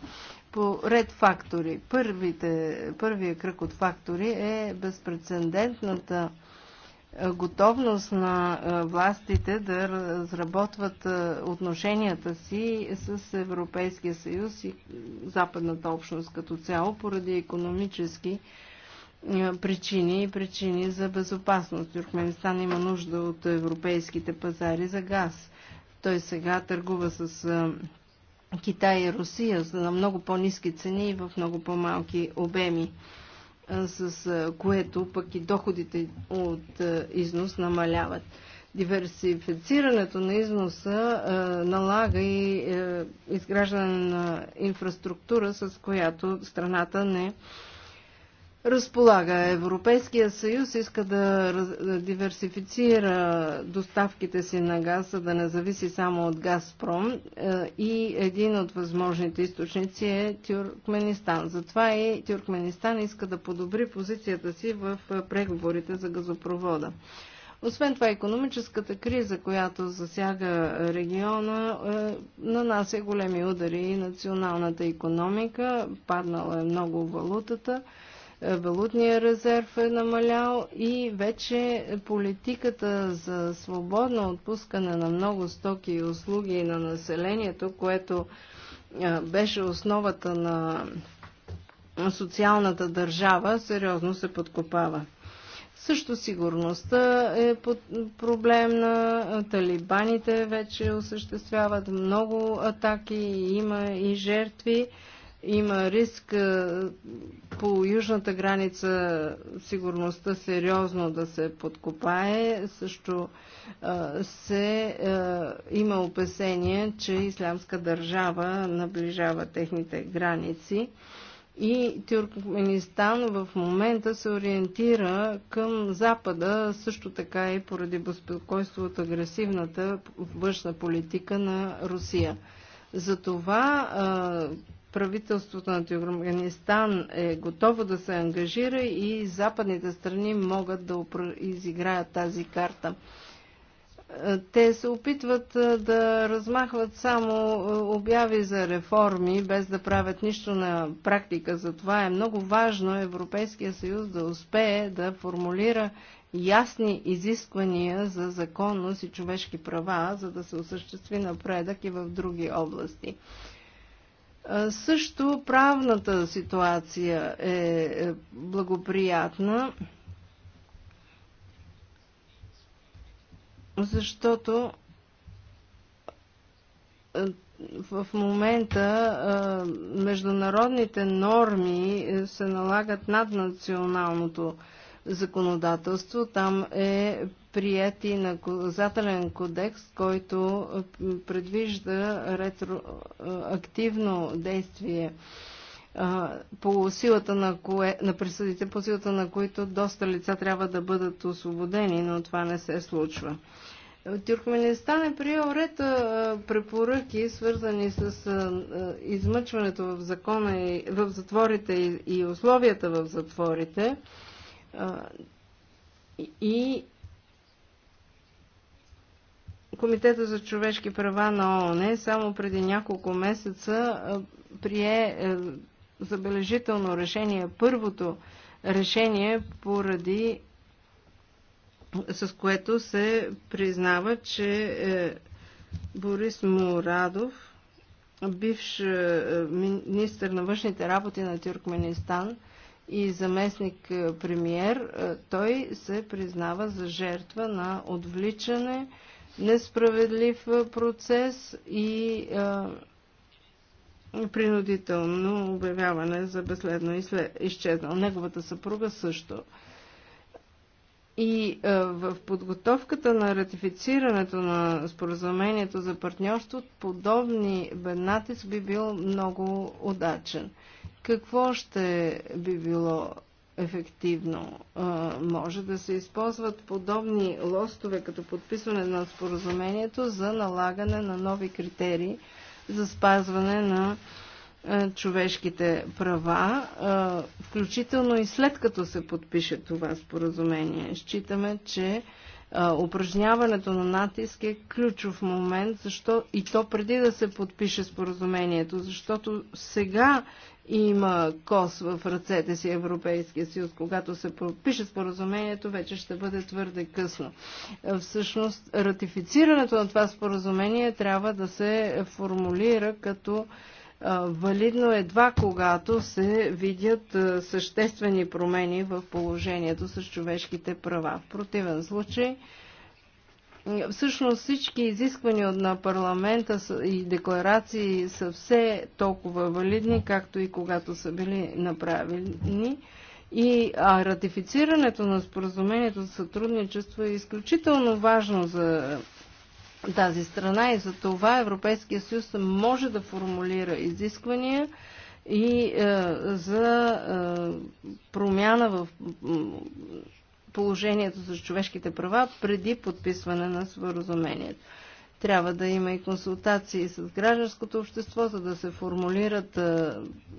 По ред фактори. Първите, първия кръг от фактори е безпредседентната е, готовност на е, властите да разработват е, отношенията си с Европейския съюз и западната общност като цяло поради економически причини и причини за безопасност. Туркменистан има нужда от европейските пазари за газ. Той сега търгува с Китай и Русия на много по-низки цени и в много по-малки обеми с което пък и доходите от износ намаляват. Диверсифицирането на износа налага и изграждане на инфраструктура, с която страната не разполага. Европейския съюз иска да диверсифицира доставките си на газ, за да не зависи само от Газпром. Е, и един от възможните източници е Тюркменистан. Затова и Тюркменистан иска да подобри позицията си в е, преговорите за газопровода. Освен това, економическата криза, която засяга региона, е, нанася големи удари и националната економика, паднала е много валутата валутния резерв е намалял и вече политиката за свободно отпускане на много стоки и услуги на населението, което беше основата на социалната държава, сериозно се подкопава. Също сигурността е под проблем на талибаните вече осъществяват много атаки, има и жертви има риск по южната граница сигурността сериозно да се подкопае. Също се има опасение, че ислямска държава наближава техните граници. И Тюркменистан в момента се ориентира към Запада, също така и поради безпокойство от агресивната външна политика на Русия. Затова правителството на Афганистан е готово да се ангажира и западните страни могат да изиграят тази карта. Е, те се опитват е, да размахват само е, обяви за реформи, без да правят нищо на практика. Затова е много важно Европейския съюз да успее да формулира ясни изисквания за законност и човешки права, за да се осъществи напредък и в други области. Също правната ситуация е, е благоприятна, защото в момента международните норми се налагат над националното законодателство. Там е прият и наказателен кодекс, който предвижда ретроактивно действие по силата на, кое, на присъдите, по силата на които доста лица трябва да бъдат освободени, но това не се случва. Тюркменистан е приел ред препоръки, свързани с измъчването в закона и в затворите и условията в затворите и Комитета за човешки права на ООН само преди няколко месеца прие е, забележително решение, първото решение, поради с което се признава, че е, Борис Мурадов, бивш е, министр на външните работи на Тюркменистан, и заместник е, премиер, е, той се признава за жертва на отвличане, несправедлив е, процес и принудително обявяване за безследно изчезнал. Неговата съпруга също. И в подготовката на ратифицирането на споразумението за партньорство, подобни беднатиск би бил много удачен. Какво ще би било ефективно? Може да се използват подобни лостове като подписване на споразумението за налагане на нови критерии за спазване на човешките права, включително и след като се подпише това споразумение. Считаме, че упражняването на натиск е ключов момент, защо и то преди да се подпише споразумението, защото сега има кос в ръцете си Европейския съюз, когато се подпише споразумението, вече ще бъде твърде късно. Е, всъщност, ратифицирането на това споразумение трябва да се формулира като е, валидно едва когато се видят е, съществени промени в положението с човешките права. В противен случай, Всъщност всички изисквания на парламента и декларации са все толкова валидни, както и когато са били направени. И а, ратифицирането на споразумението за сътрудничество е изключително важно за тази страна и за това Европейския съюз може да формулира изисквания и е, за е, промяна в положението за човешките права преди подписване на споразумението. Трябва да има и консултации с гражданското общество, за да се формулират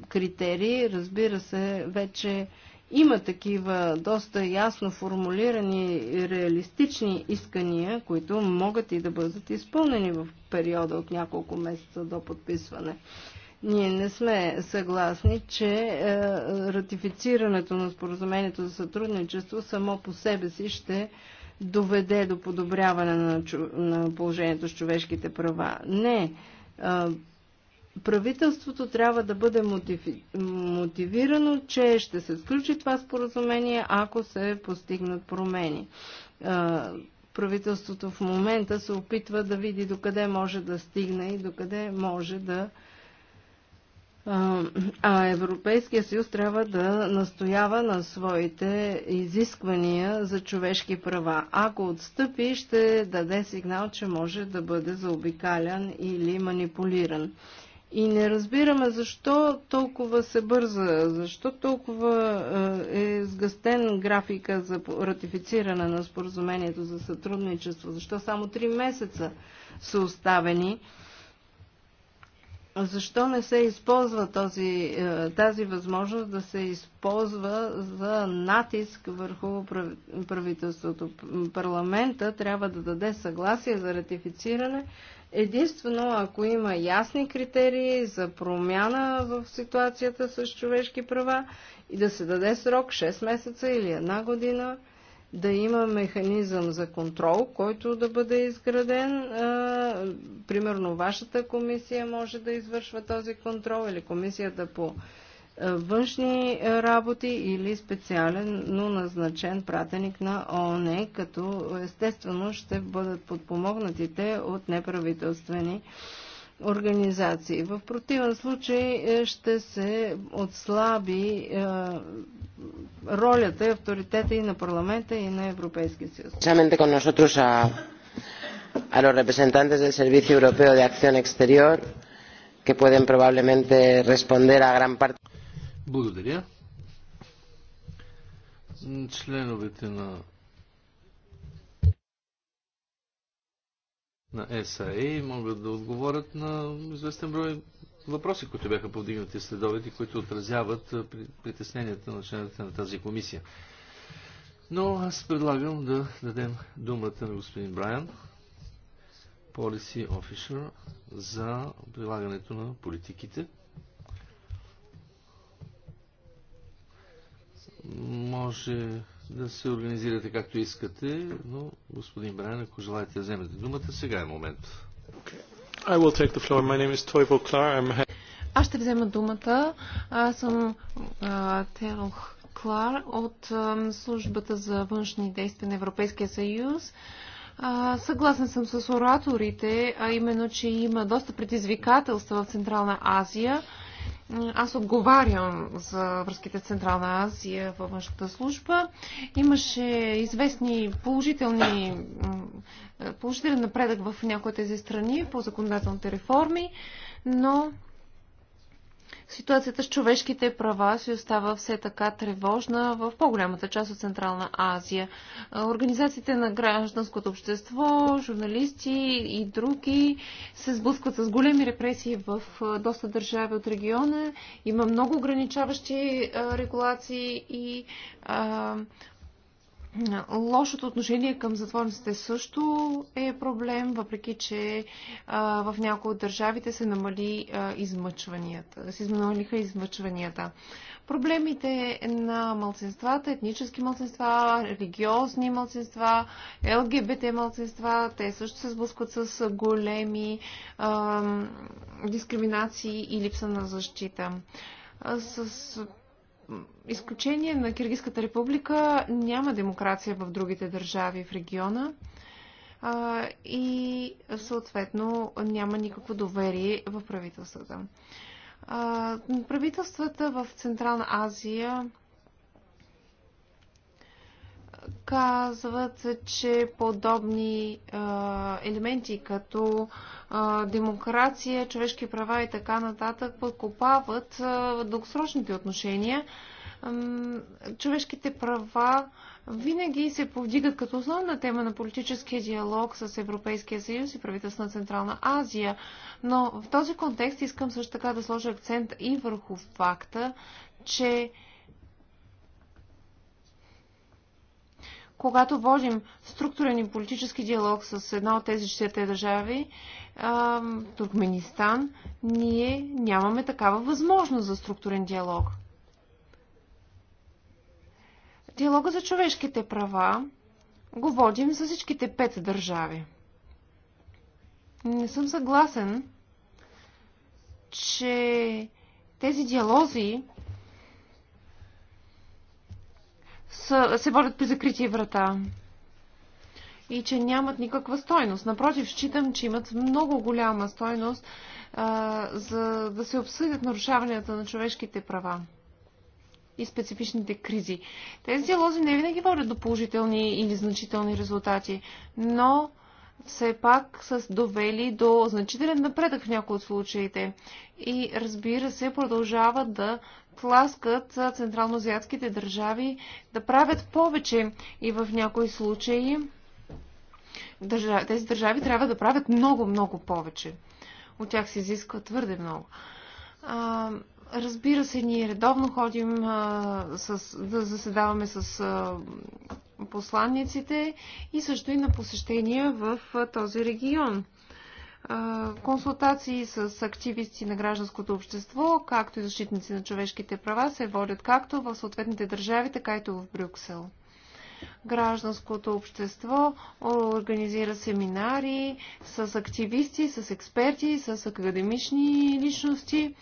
критерии. Разбира се, вече има такива доста ясно формулирани реалистични искания, които могат и да бъдат изпълнени в периода от няколко месеца до подписване. Ние не сме съгласни, че е, ратифицирането на споразумението за сътрудничество само по себе си ще доведе до подобряване на, положението с човешките права. Не. Е, правителството трябва да бъде мотивирано, че ще се сключи това споразумение, ако се постигнат промени. Е, правителството в момента се опитва да види докъде може да стигне и докъде може да а Европейския съюз трябва да настоява на своите изисквания за човешки права. Ако отстъпи, ще даде сигнал, че може да бъде заобикалян или манипулиран. И не разбираме защо толкова се бърза, защо толкова е, е сгъстен графика за ратифициране на споразумението за сътрудничество, защо само 3 месеца са оставени защо не се използва този, е, тази възможност да се използва за натиск върху правителството. Парламента трябва да даде съгласие за ратифициране единствено ако има ясни критерии за промяна в ситуацията с човешки права и да се даде срок 6 месеца или една година – да има механизъм за контрол, който да бъде изграден. Примерно вашата комисия може да извършва този контрол или комисията по външни работи или но назначен пратеник на ООН, като естествено ще бъдат подпомогнатите от неправителствени организации. В противен случай е, ще се отслаби е, ролята и авторитета и на парламента и на Европейския съюз. Чаменте con nosotros a, a los representantes del Servicio Europeo de Acción Exterior que pueden probablemente responder a gran parte. Благодаря. Членовете на на и могат да отговорят на известен брой въпроси, които бяха повдигнати след и които отразяват притесненията на членовете на тази комисия. Но аз предлагам да дадем думата на господин Брайан, Policy Officer, за прилагането на политиките. Може да се организирате както искате, но господин Брайан, ако желаете да вземете думата, сега е момент. Аз ще взема думата. Аз съм Терох Клар от службата за външни действия на Европейския съюз. съгласен съм с ораторите, а именно, че има доста предизвикателства в Централна Азия аз отговарям за връзките с Централна Азия във външната служба. Имаше известни положителни, положителен напредък в някои тези страни по законодателните реформи, но Ситуацията с човешките права си остава все така тревожна в по-голямата част от Централна Азия. Организациите на гражданското общество, журналисти и други се сблъскват с големи репресии в доста държави от региона. Има много ограничаващи регулации и Лошото отношение към затворниците също е проблем, въпреки че а, в някои от държавите се намали а, измъчванията, се намалиха измъчванията. Проблемите на малцинствата, етнически малцинства, религиозни малцинства, ЛГБТ малцинства, те също се сблъскват с големи а, дискриминации и липса на защита. С изключение на Киргизската република няма демокрация в другите държави в региона а, и съответно няма никакво доверие в правителствата. А, правителствата в Централна Азия казват, че подобни а, елементи като а, демокрация, човешки права и така нататък подкопават дългосрочните отношения. А, човешките права винаги се повдигат като основна тема на политическия диалог с Европейския съюз и правителство на Централна Азия. Но в този контекст искам също така да сложа акцент и върху факта, че а, когато водим структурен и политически диалог с една от тези четирите държави, Туркменистан, ние нямаме такава възможност за структурен диалог. Диалога за човешките права го водим за всичките пет държави. Не съм съгласен, че тези диалози са, се водят при закрити врата и че нямат никаква стойност. Напротив, считам, че имат много голяма стойност а, за да се обсъдят нарушаванията на човешките права и специфичните кризи. Тези диалози не винаги водят до положителни или значителни резултати, но все пак са довели до значителен напредък в някои от случаите. И разбира се, продължават да тласкат централноазиатските държави да правят повече и в някои случаи тези държави трябва да правят много, много повече. От тях се изисква твърде много. А, разбира се, ние редовно ходим а, с, да заседаваме с а, посланниците и също и на посещения в а, този регион. Консултации с активисти на гражданското общество, както и защитници на човешките права, се водят както в съответните държави, така и в Брюксел. Гражданското общество организира семинари с активисти, с експерти, с академични личности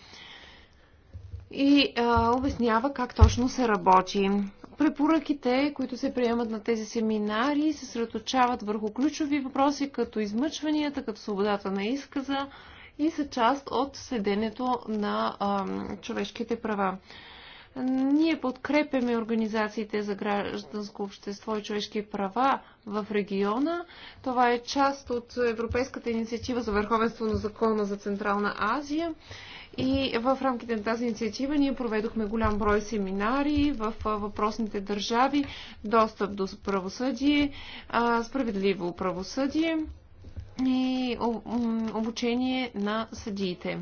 и а, обяснява как точно се работи. Препоръките, които се приемат на тези семинари, се средоточават върху ключови въпроси, като измъчванията, като свободата на изказа и са част от следенето на а, човешките права. Ние подкрепяме организациите за гражданско общество и човешки права в региона. Това е част от Европейската инициатива за върховенство на закона за Централна Азия. И в рамките на тази инициатива ние проведохме голям брой семинари в въпросните държави, достъп до правосъдие, справедливо правосъдие и обучение на съдиите.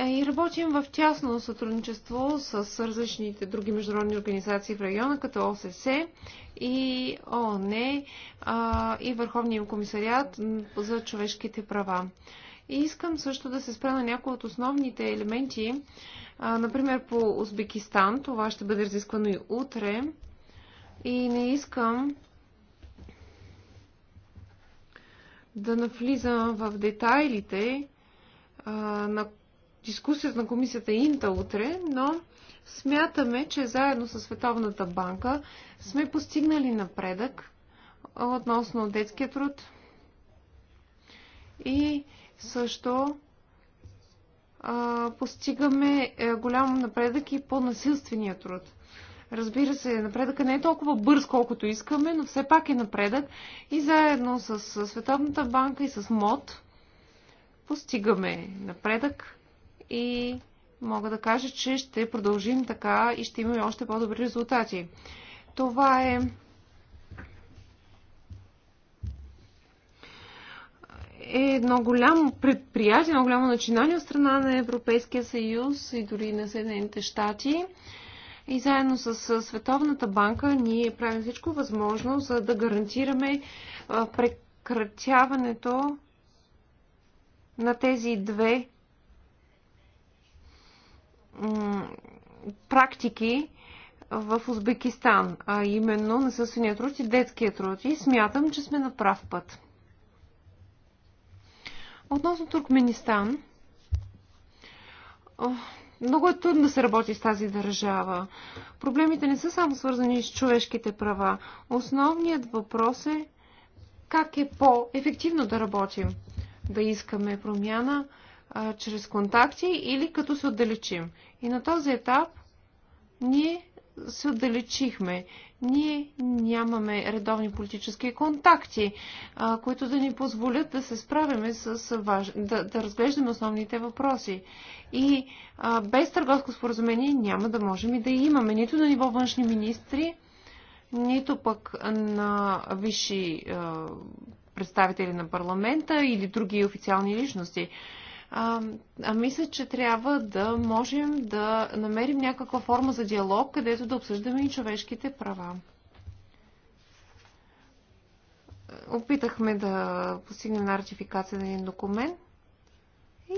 Е, и работим в тясно сътрудничество с различните други международни организации в района, като ОССЕ и ООН и Върховния комисариат за човешките права. И искам също да се спра на някои от основните елементи, например по Узбекистан. Това ще бъде разисквано и утре. И не искам да навлизам в детайлите на дискусията на комисията Инта утре, но смятаме, че заедно с Световната банка сме постигнали напредък относно детския труд и също постигаме е, голям напредък и по насилствения труд. Разбира се, напредъка не е толкова бърз, колкото искаме, но все пак е напредък. И заедно с Световната банка и с МОД постигаме напредък и мога да кажа, че ще продължим така и ще имаме още по-добри резултати. Това е е едно голямо предприятие, едно голямо начинание от страна на Европейския съюз и дори на Съединените щати. И заедно с Световната банка ние правим всичко възможно, за да гарантираме прекратяването на тези две практики в Узбекистан, а именно насилствения труд и детския труд. И смятам, че сме на прав път. Относно Туркменистан, много е трудно да се работи с тази държава. Проблемите не са само свързани с човешките права. Основният въпрос е как е по-ефективно да работим, да искаме промяна а, чрез контакти или като се отдалечим. И на този етап ние се отдалечихме. Ние нямаме редовни политически контакти, а, които да ни позволят да се справяме с, важ... да, да разглеждаме основните въпроси. И а, без търговско споразумение няма да можем и да имаме нито на ниво външни министри, нито пък на висши а, представители на парламента или други официални личности. А, а мисля, че трябва да можем да намерим някаква форма за диалог, където да обсъждаме и човешките права. Опитахме да постигнем на ратификация на един документ и,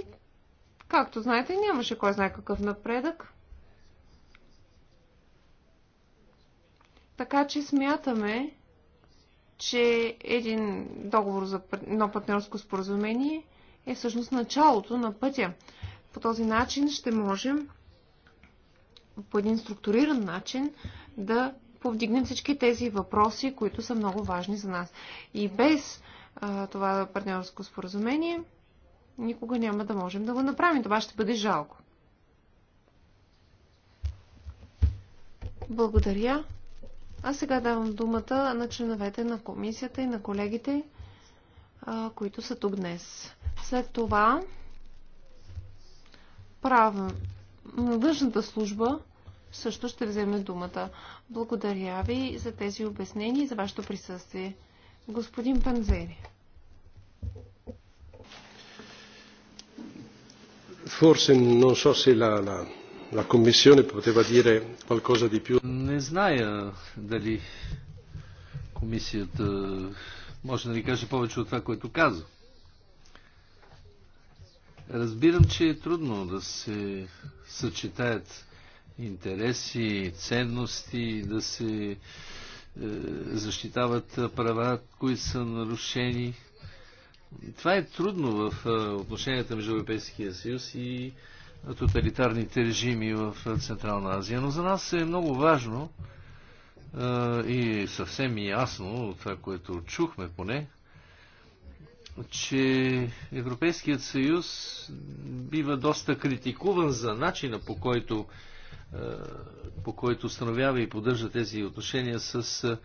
както знаете, нямаше кой знае какъв напредък. Така че смятаме, че един договор за едно партньорско споразумение е всъщност началото на пътя. По този начин ще можем по един структуриран начин да повдигнем всички тези въпроси, които са много важни за нас. И без а, това партньорско споразумение никога няма да можем да го направим. Това ще бъде жалко. Благодаря. А сега давам думата на членовете на комисията и на колегите, а, които са тук днес. След това права външната служба също ще вземе думата. Благодаря ви за тези обяснения и за вашето присъствие. Господин Панзери. Forse non so se la, la, la Commissione poteva dire qualcosa di più. Не зная дали комисията може да ни каже повече от това, което каза. Разбирам, че е трудно да се съчетаят интереси, ценности, да се е, защитават права, които са нарушени. Това е трудно в е, отношенията между Европейския съюз и тоталитарните режими в е, Централна Азия, но за нас е много важно е, и съвсем ясно това, което чухме поне, че Европейският съюз бива доста критикуван за начина по който, е, по който установява и поддържа тези отношения с е,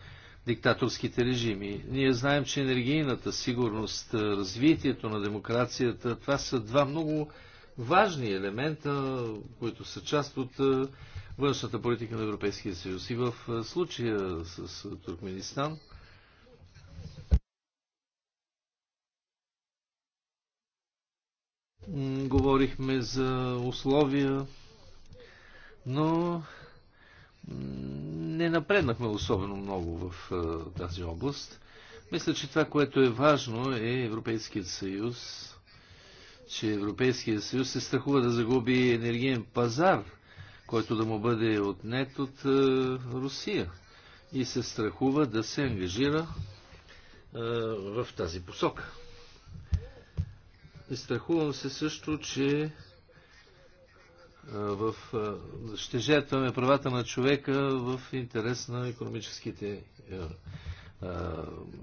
диктаторските режими. Ние знаем, че енергийната сигурност, е, развитието на демокрацията, това са два много важни елемента, които са част от външната политика на Европейския съюз. И в случая с Туркменистан, говорихме за условия, но не напреднахме особено много в тази област. Мисля, че това, което е важно е Европейският съюз, че Европейският съюз се страхува да загуби енергиен пазар, който да му бъде отнет от Русия и се страхува да се ангажира в тази посока. Страхувам се също, че в, ще жертваме правата на човека в интерес на економическите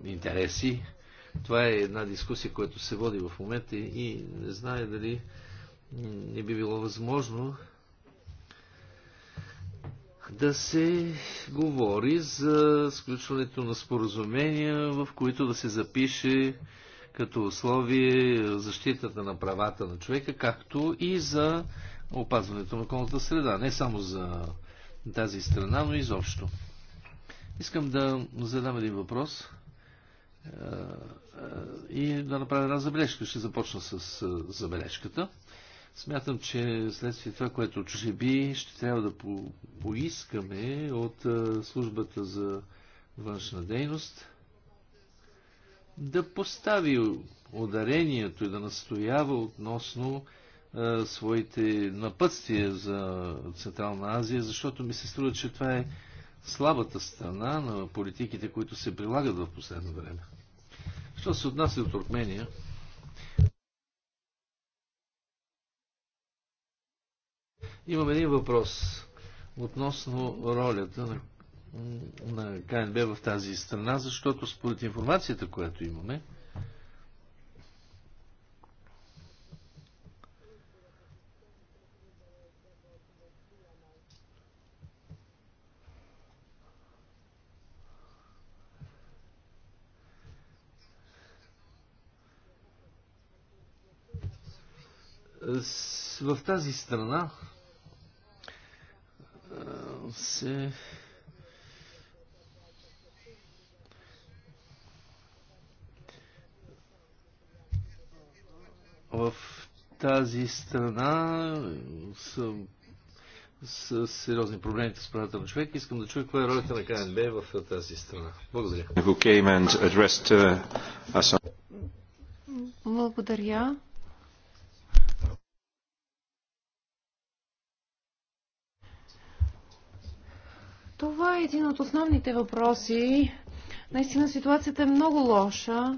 интереси. Това е една дискусия, която се води в момента и не знае дали не би било възможно да се говори за сключването на споразумения, в които да се запише като условие защитата на правата на човека, както и за опазването на околната среда. Не само за тази страна, но и заобщо. Искам да задам един въпрос е, е, и да направя една забележка. Ще започна с е, забележката. Смятам, че следствие това, което че би ще трябва да поискаме от службата за външна дейност, да постави ударението и да настоява относно а, своите напътствия за Централна Азия, защото ми се струва, че това е слабата страна на политиките, които се прилагат в последно време. Що се отнася до Туркмения, имам един въпрос относно ролята на на КНБ в тази страна, защото според информацията, която имаме, в тази страна се в тази страна са, са сериозни проблемите с правата на човека. Искам да чуя каква е ролята на КНБ в тази страна. Благодаря. Благодаря. Това е един от основните въпроси. Наистина ситуацията е много лоша.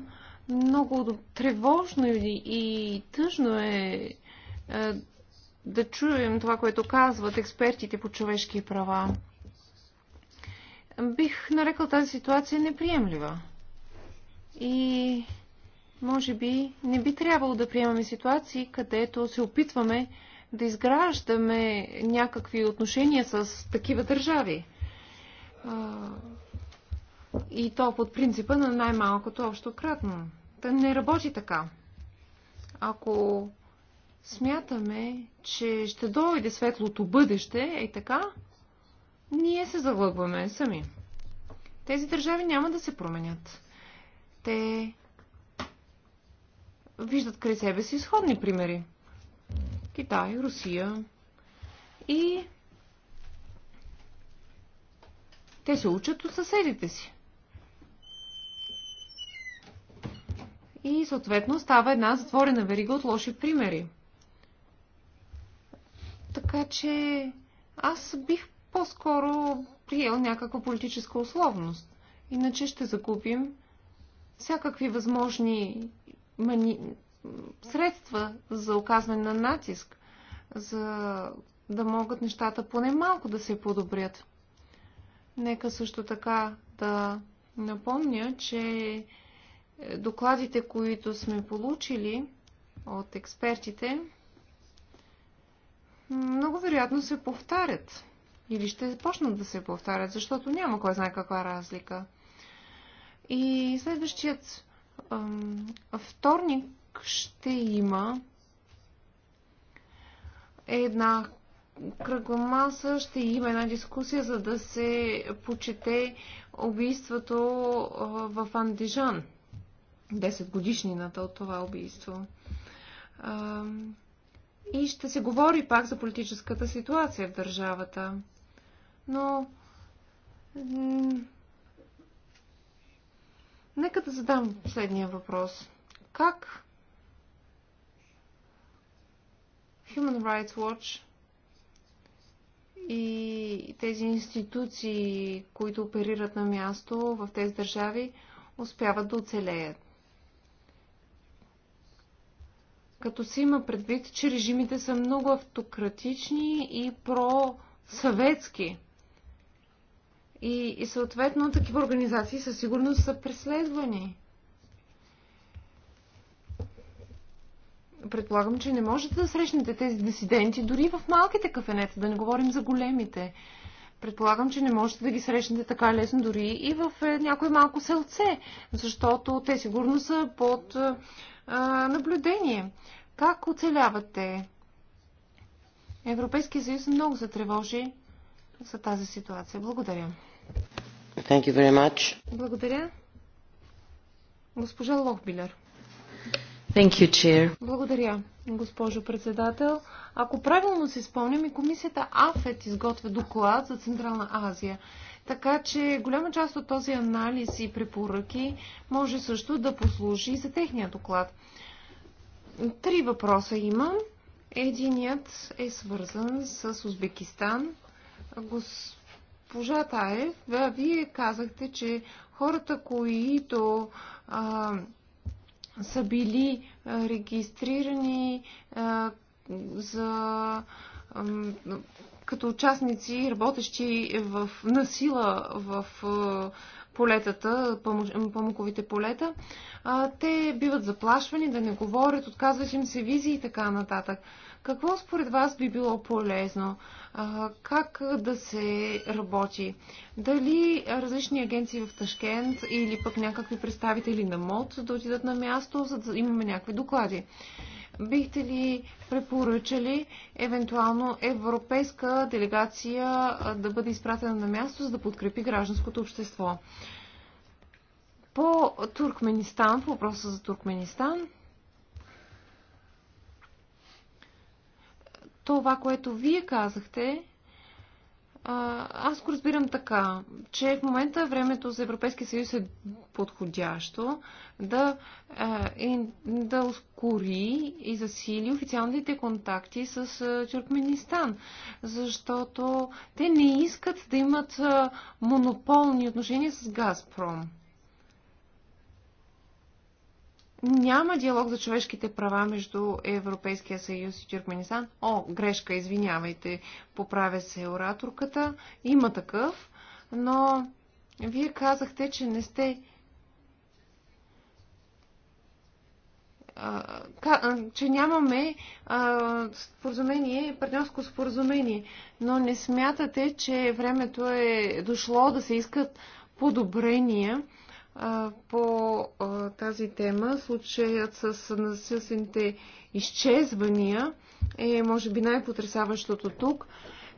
Много тревожно и, и тъжно е, е да чуем това, което казват експертите по човешки права. Бих нарекал тази ситуация неприемлива. И може би не би трябвало да приемаме ситуации, където се опитваме да изграждаме някакви отношения с такива държави. И то под принципа на най-малкото общо кратно. Та не работи така. Ако смятаме, че ще дойде светлото бъдеще, е така, ние се залъгваме сами. Тези държави няма да се променят. Те виждат край себе си изходни примери. Китай, Русия. И те се учат от съседите си. и съответно става една затворена верига от лоши примери. Така че аз бих по-скоро приел някаква политическа условност. Иначе ще закупим всякакви възможни мани... средства за оказване на натиск, за да могат нещата поне малко да се подобрят. Нека също така да напомня, че докладите, които сме получили от експертите, много вероятно се повтарят. Или ще започнат да се повтарят, защото няма кой знае каква разлика. И следващият вторник ще има една кръгла маса, ще има една дискусия, за да се почете убийството в Андижан – 10 годишнината от това убийство. И ще се говори пак за политическата ситуация в държавата. Но. Нека да задам следния въпрос. Как Human Rights Watch и тези институции, които оперират на място в тези държави, успяват да оцелеят? като се има предвид, че режимите са много автократични и просъветски. И, и съответно такива организации със сигурност са преследвани. Предполагам, че не можете да срещнете тези дисиденти дори в малките кафенета, да не говорим за големите. Предполагам, че не можете да ги срещнете така лесно дори и в е, някое малко селце, защото те сигурно са под е, а, наблюдение. Как оцелявате? Европейския съюз много се тревожи за тази ситуация. Благодаря. Thank you very much. Благодаря. Госпожа Лохбилер. Thank you, chair. Благодаря, госпожо председател. Ако правилно се спомням, и комисията АФЕТ изготвя доклад за Централна Азия. Така че голяма част от този анализ и препоръки може също да послужи за техния доклад. Три въпроса има, Единият е свързан с Узбекистан. Госпожа Таев, вие казахте, че хората, които а, са били регистрирани а, за като участници, работещи в, на сила в е, полетата, памуковите полета, те биват заплашвани да не говорят, отказват им се визи и така нататък. Какво според вас би било полезно? Как да се работи? Дали различни агенции в Ташкент или пък някакви представители на МОД да отидат на място, за да имаме някакви доклади? бихте ли препоръчали евентуално европейска делегация да бъде изпратена на място, за да подкрепи гражданското общество? По Туркменистан, по въпроса за Туркменистан, това, което вие казахте, аз го разбирам така, че в момента времето за Европейския съюз е подходящо да, е, да ускори и засили официалните контакти с Тюркменистан, защото те не искат да имат монополни отношения с Газпром няма диалог за човешките права между Европейския съюз и Тюркменистан. О, грешка, извинявайте, поправя се ораторката. Има такъв, но вие казахте, че не сте. че нямаме споразумение, партньорско споразумение, но не смятате, че времето е дошло да се искат подобрения по тази тема. Случаят с насилствените изчезвания е, може би, най-потрясаващото тук.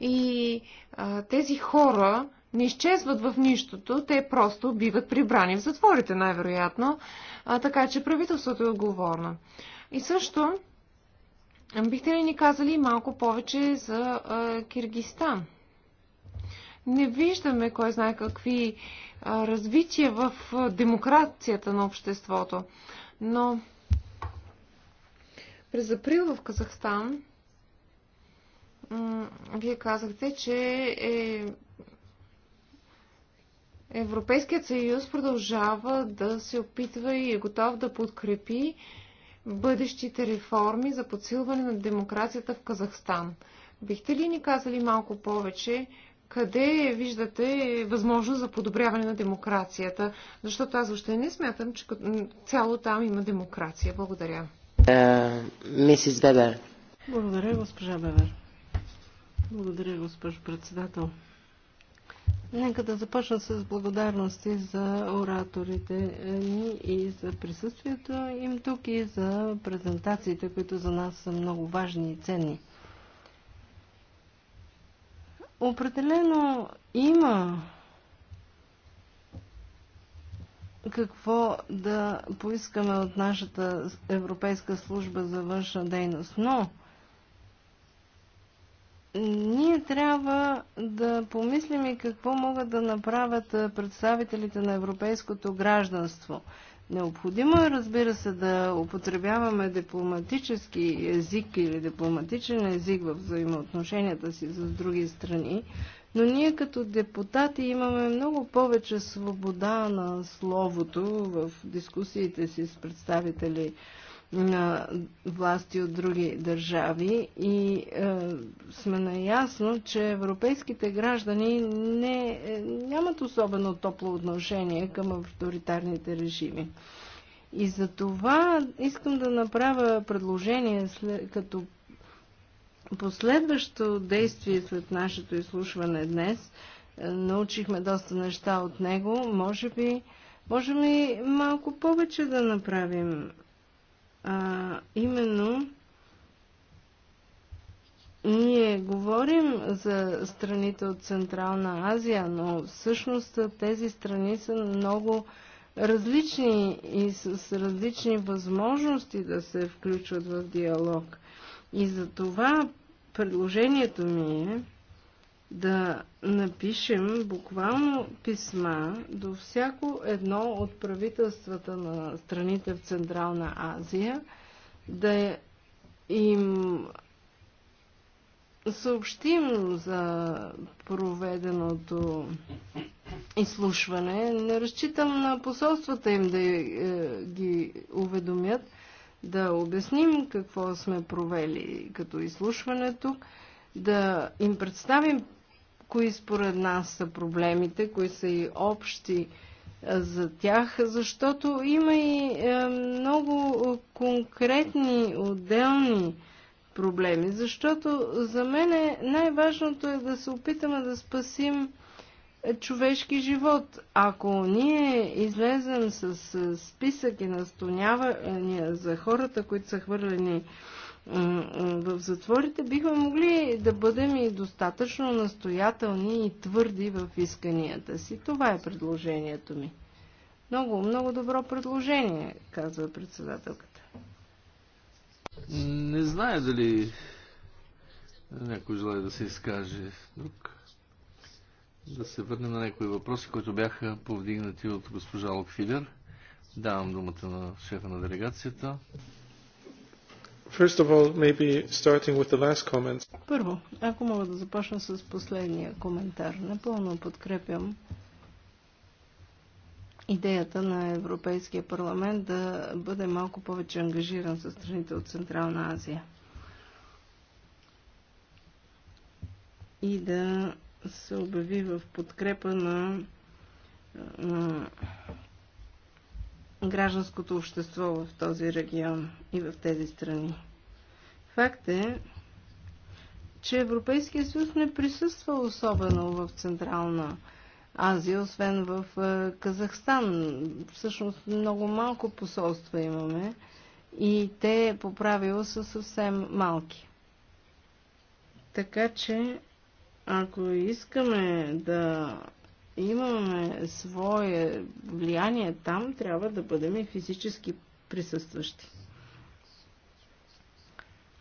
И а, тези хора не изчезват в нищото, те просто биват прибрани в затворите, най-вероятно. така че правителството е отговорно. И също, бихте ли ни казали малко повече за а, Киргистан? не виждаме кой знае какви развития в демокрацията на обществото. Но през април в Казахстан вие казахте, че е... Европейският съюз продължава да се опитва и е готов да подкрепи бъдещите реформи за подсилване на демокрацията в Казахстан. Бихте ли ни казали малко повече къде виждате възможност за подобряване на демокрацията? Защото аз въобще не смятам, че цяло там има демокрация. Благодаря. Е, мисис uh, Бебер. Благодаря, госпожа Бебер. Благодаря, госпожо председател. Нека да започна с благодарности за ораторите ни и за присъствието им тук и за презентациите, които за нас са много важни и ценни. Определено има какво да поискаме от нашата Европейска служба за външна дейност, но ние трябва да помислим и какво могат да направят представителите на европейското гражданство – Необходимо е. Разбира се, да употребяваме дипломатически език или дипломатичен език в взаимоотношенията си с други страни, но ние като депутати имаме много повече свобода на словото в дискусиите си с представители власти от други държави и е, сме наясно, че европейските граждани не, е, нямат особено топло отношение към авторитарните режими. И за това искам да направя предложение след, като последващо действие след нашето изслушване днес. Е, научихме доста неща от него. Може би можем и малко повече да направим а, именно ние говорим за страните от Централна Азия, но всъщност тези страни са много различни и с различни възможности да се включват в диалог. И за това предложението ми е да напишем буквално писма до всяко едно от правителствата на страните в Централна Азия, да им съобщим за проведеното изслушване. Не разчитам на посолствата им да е, ги уведомят, да обясним какво сме провели като изслушване тук, да им представим кои според нас са проблемите, кои са и общи е, за тях, защото има и е, много конкретни, отделни проблеми, защото за мен е най-важното е да се опитаме да спасим човешки живот. Ако ние излезем с списък и настонявания за хората, които са хвърлени в затворите, бихме могли да бъдем и достатъчно настоятелни и твърди в исканията си. Това е предложението ми. Много, много добро предложение, казва председателката. Не знае дали някой желая да се изкаже тук. Да се върнем на някои въпроси, които бяха повдигнати от госпожа Локфилер. Давам думата на шефа на делегацията. First of all, maybe starting with the last comment. Първо, ако мога да започна с последния коментар. Напълно подкрепям идеята на Европейския парламент да бъде малко повече ангажиран с страните от Централна Азия. И да се обяви в подкрепа на, на гражданското общество в този регион и в тези страни. Факт е, че Европейския съюз не присъства особено в Централна Азия, освен в е, Казахстан. Всъщност много малко посолства имаме и те по правило са съвсем малки. Така че, ако искаме да имаме свое влияние там, трябва да бъдем и физически присъстващи.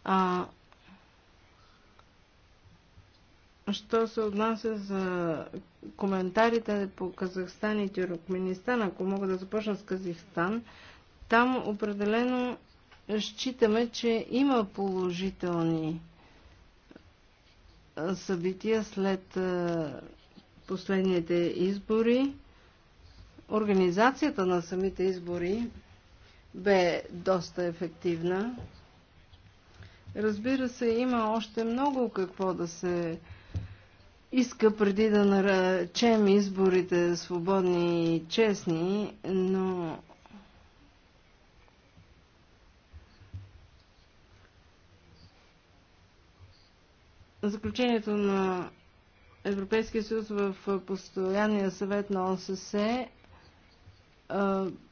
А, що се отнася за коментарите по Казахстан и Тюркменистан, ако мога да започна с Казахстан, там определено считаме, че има положителни събития след последните избори. Организацията на самите избори бе доста ефективна. Разбира се, има още много какво да се иска преди да наречем изборите свободни и честни, но заключението на Европейския съюз в постоянния съвет на ОССЕ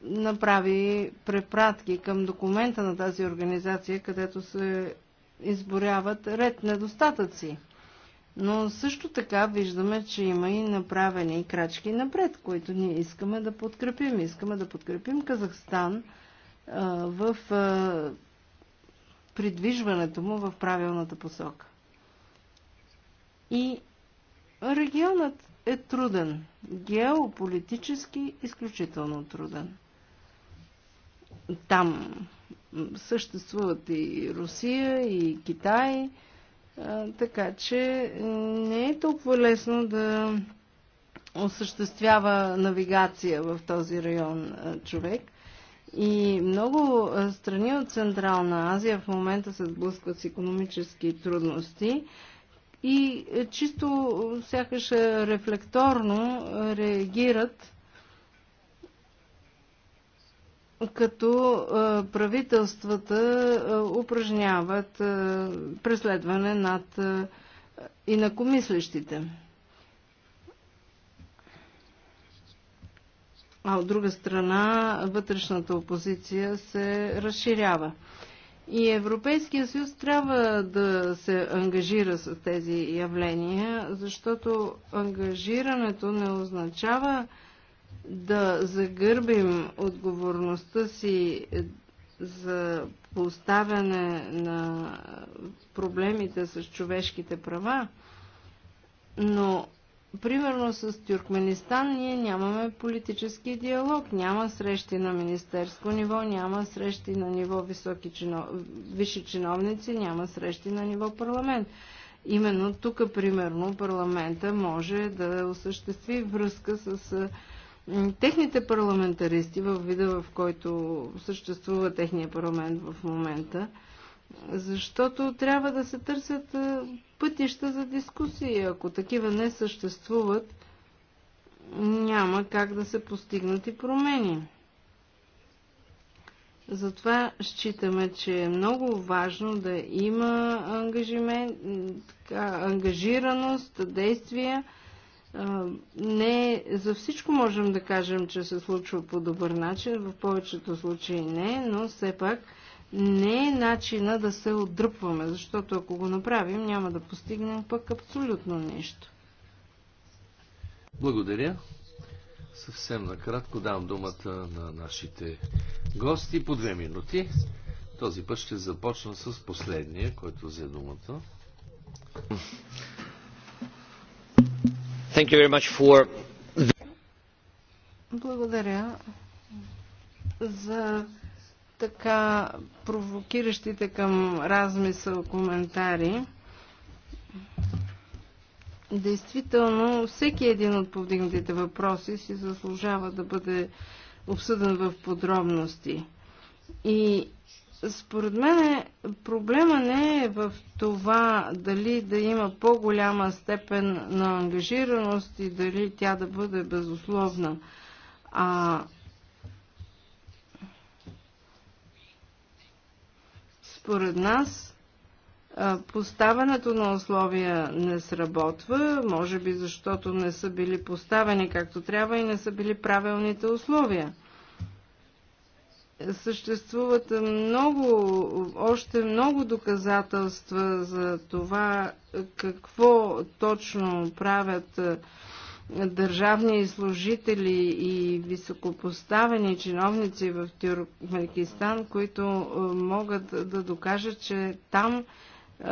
направи препратки към документа на тази организация, където се изборяват ред недостатъци. Но също така виждаме, че има и направени крачки напред, които ние искаме да подкрепим. Искаме да подкрепим Казахстан в придвижването му в правилната посока. И Регионът е труден, геополитически изключително труден. Там съществуват и Русия, и Китай, така че не е толкова лесно да осъществява навигация в този район човек. И много страни от Централна Азия в момента се сблъскват с економически трудности и е, чисто сякаш е рефлекторно реагират като е, правителствата упражняват преследване над инакомислещите. А от друга страна, вътрешната опозиция се разширява. И Европейския съюз трябва да се ангажира с тези явления, защото ангажирането не означава да загърбим отговорността си за поставяне на проблемите с човешките права, но примерно с Тюркменистан ние нямаме политически диалог, няма срещи на министерско ниво, няма срещи на ниво високи чинов... висши чиновници, няма срещи на ниво парламент. Именно тук, примерно, парламента може да осъществи връзка с техните парламентаристи в вида, в който съществува техния парламент в момента, защото трябва да се търсят пътища за дискусии. Ако такива не съществуват, няма как да се постигнат и промени. Затова считаме, че е много важно да има ангажимент, така, ангажираност, действия. Не за всичко можем да кажем, че се случва по добър начин, в повечето случаи не, но все пак – не е начина да се отдръпваме, защото ако го направим, няма да постигнем пък абсолютно нещо. Благодаря. Съвсем накратко дам думата на нашите гости по две минути. Този път ще започна с последния, който взе думата. Thank you very much for... Благодаря за така провокиращите към размисъл коментари. Действително, всеки един от повдигнатите въпроси си заслужава да бъде обсъден в подробности. И според мен проблема не е в това дали да има по-голяма степен на ангажираност и дали тя да бъде безусловна, а Според нас поставянето на условия не сработва, може би защото не са били поставени както трябва и не са били правилните условия съществуват много, още много доказателства за това какво точно правят държавни служители и високопоставени чиновници в Тюркменкистан, които е, могат да докажат, че там е,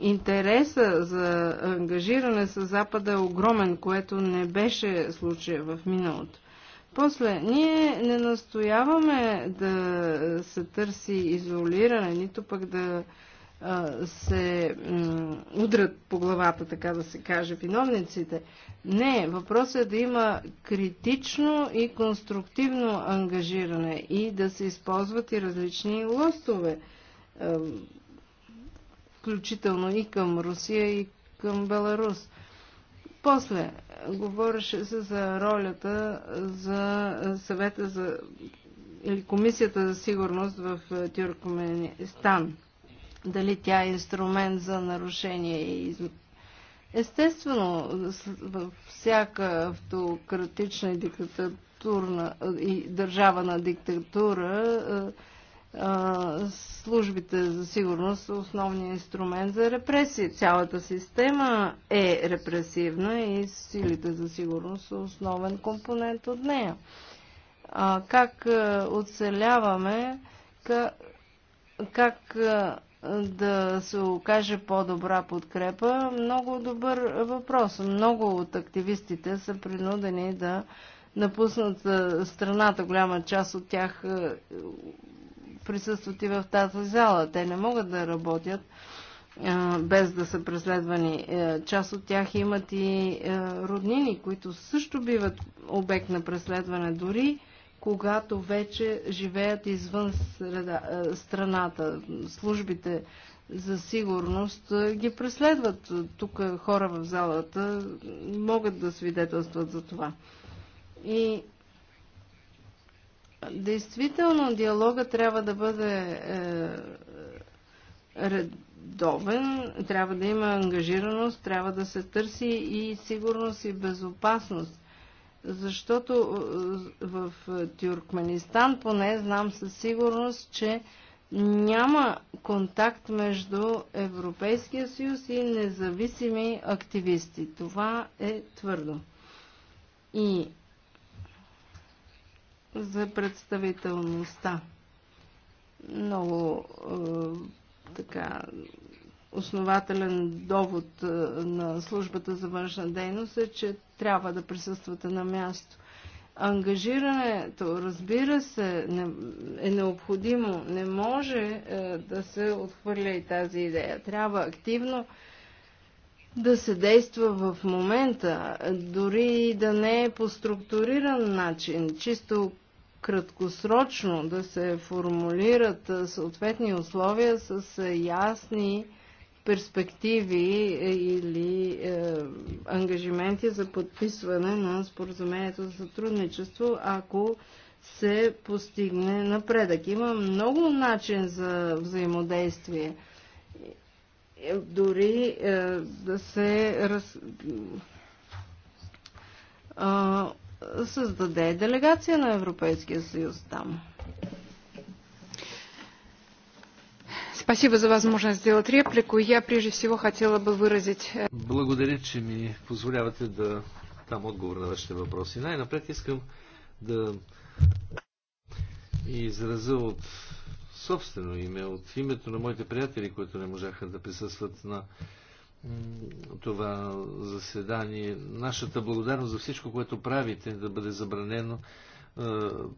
интереса за ангажиране с Запада е огромен, което не беше случая в миналото. После, ние не настояваме да се търси изолиране, нито пък да се удрят по главата, така да се каже, виновниците. Не, въпросът е да има критично и конструктивно ангажиране и да се използват и различни лостове, включително и към Русия, и към Беларус. После говореше се за ролята за съвета за или Комисията за сигурност в е, Тюркменистан дали тя е инструмент за нарушение и Естествено, във всяка автократична и диктатурна и държава на диктатура службите за сигурност са основният инструмент за репресия. Цялата система е репресивна и силите за сигурност са основен компонент от нея. А как оцеляваме, как да се окаже по-добра подкрепа. Много добър въпрос. Много от активистите са принудени да напуснат страната. Голяма част от тях присъстват и в тази зала. Те не могат да работят без да са преследвани. Е, част от тях имат и е, роднини, които също биват обект на преследване. Дори когато вече живеят извън среда, е, страната. Службите за сигурност е, ги преследват. Тук хора в залата могат да свидетелстват за това. И действително диалога трябва да бъде е, редовен, трябва да има ангажираност, трябва да се търси и сигурност и безопасност защото е, в Тюркменистан поне знам със сигурност, че няма контакт между Европейския съюз и независими активисти. Това е твърдо. И за представителността. Много е, така основателен довод е, на службата за външна дейност е, че трябва да присъствате на място. Ангажирането, разбира се, е необходимо. Не може е, да се отхвърля и тази идея. Трябва активно да се действа в момента, дори да не е по структуриран начин, чисто краткосрочно да се формулират е, съответни условия с ясни перспективи или е, ангажименти за подписване на споразумението за сътрудничество, ако се постигне напредък. Има много начин за взаимодействие. Дори е, да се раз, е, създаде делегация на Европейския съюз там. Спасибо за возможность сделать реплику. Я прежде всего хотела бы выразить... Э, Благодаря, че ми позволявате да дам отговор на вашите въпроси. Най-напред искам да изразя от собствено име, от името на моите приятели, които не можаха да присъстват на това заседание. Нашата благодарност за всичко, което правите, да бъде забранено е,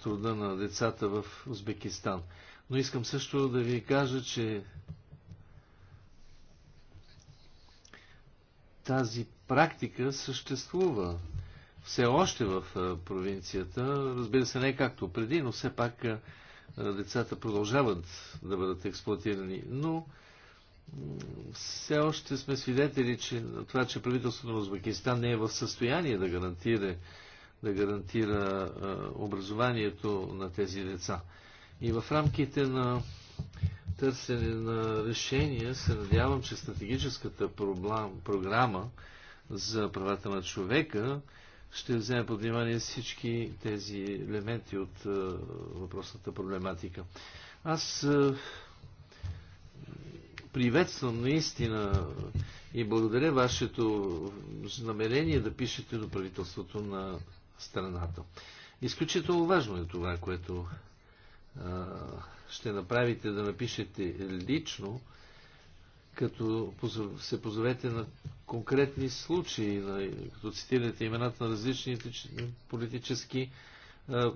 труда на децата в Узбекистан. Но искам също да ви кажа, че тази практика съществува все още в провинцията. Разбира се, не както преди, но все пак децата продължават да бъдат експлуатирани. Но все още сме свидетели, че това, че правителството на Узбекистан не е в състояние да гарантира, да гарантира образованието на тези деца. И в рамките на търсене на решения се надявам, че стратегическата проблем, програма за правата на човека ще вземе под внимание всички тези елементи от а, е, въпросната проблематика. Аз а, е, приветствам наистина и благодаря вашето намерение да пишете до правителството на страната. Изключително важно е това, което ще направите да напишете лично, като се позовете на конкретни случаи, като цитирате имената на различните политически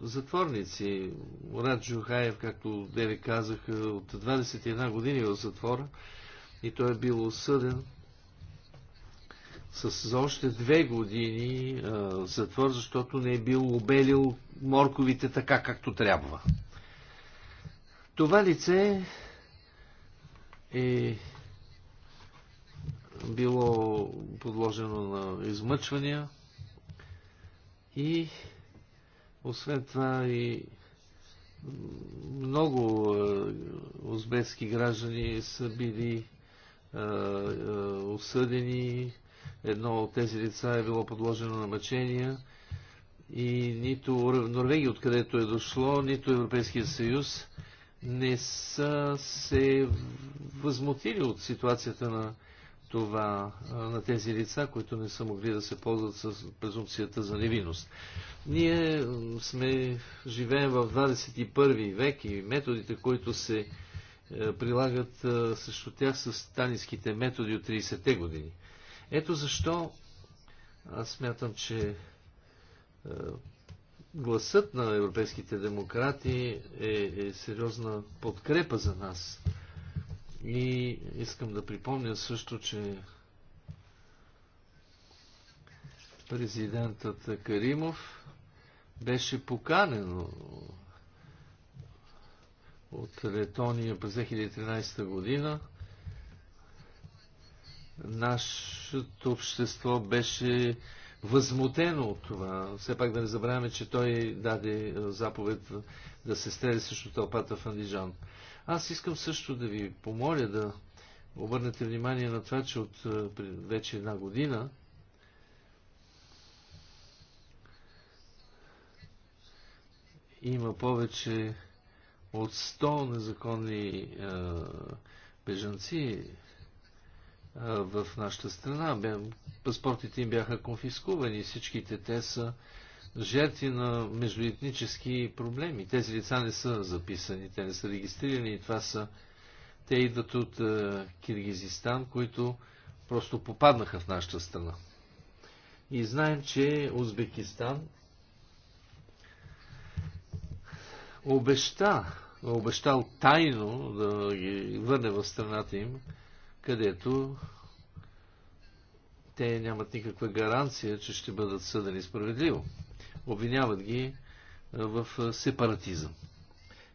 затворници. Рад Джухаев, както Деве казах, от 21 години е в затвора и той е бил осъден с за още две години а, затвор, защото не е бил обелил морковите така, както трябва. Това лице е било подложено на измъчвания и освен това и много е, узбекски граждани са били е, е, осъдени. Едно от тези лица е било подложено на мъчения и нито Норвегия, откъдето е дошло, нито Европейския съюз не са се възмутили от ситуацията на това, на тези лица, които не са могли да се ползват с презумпцията за невинност. Ние сме, живеем в 21 век и методите, които се е, прилагат е, срещу тях с танинските методи от 30-те години. Ето защо аз смятам, че е, гласът на европейските демократи е, е сериозна подкрепа за нас. И искам да припомня също, че президентът Каримов беше поканен от Летония през 2013 година. Нашето общество беше възмутено от това. Все пак да не забравяме, че той даде е, заповед да се стрели срещу тълпата в Андижан. Аз искам също да ви помоля да обърнете внимание на това, че от е, вече една година има повече от 100 незаконни е, бежанци, в нашата страна. Паспортите им бяха конфискувани. Всичките те са жертви на междуетнически проблеми. Тези лица не са записани, те не са регистрирани. Това са... Те идват от Киргизистан, които просто попаднаха в нашата страна. И знаем, че Узбекистан обеща, обещал тайно да ги върне в страната им където те нямат никаква гаранция, че ще бъдат съдени справедливо. Обвиняват ги е, в е, сепаратизъм.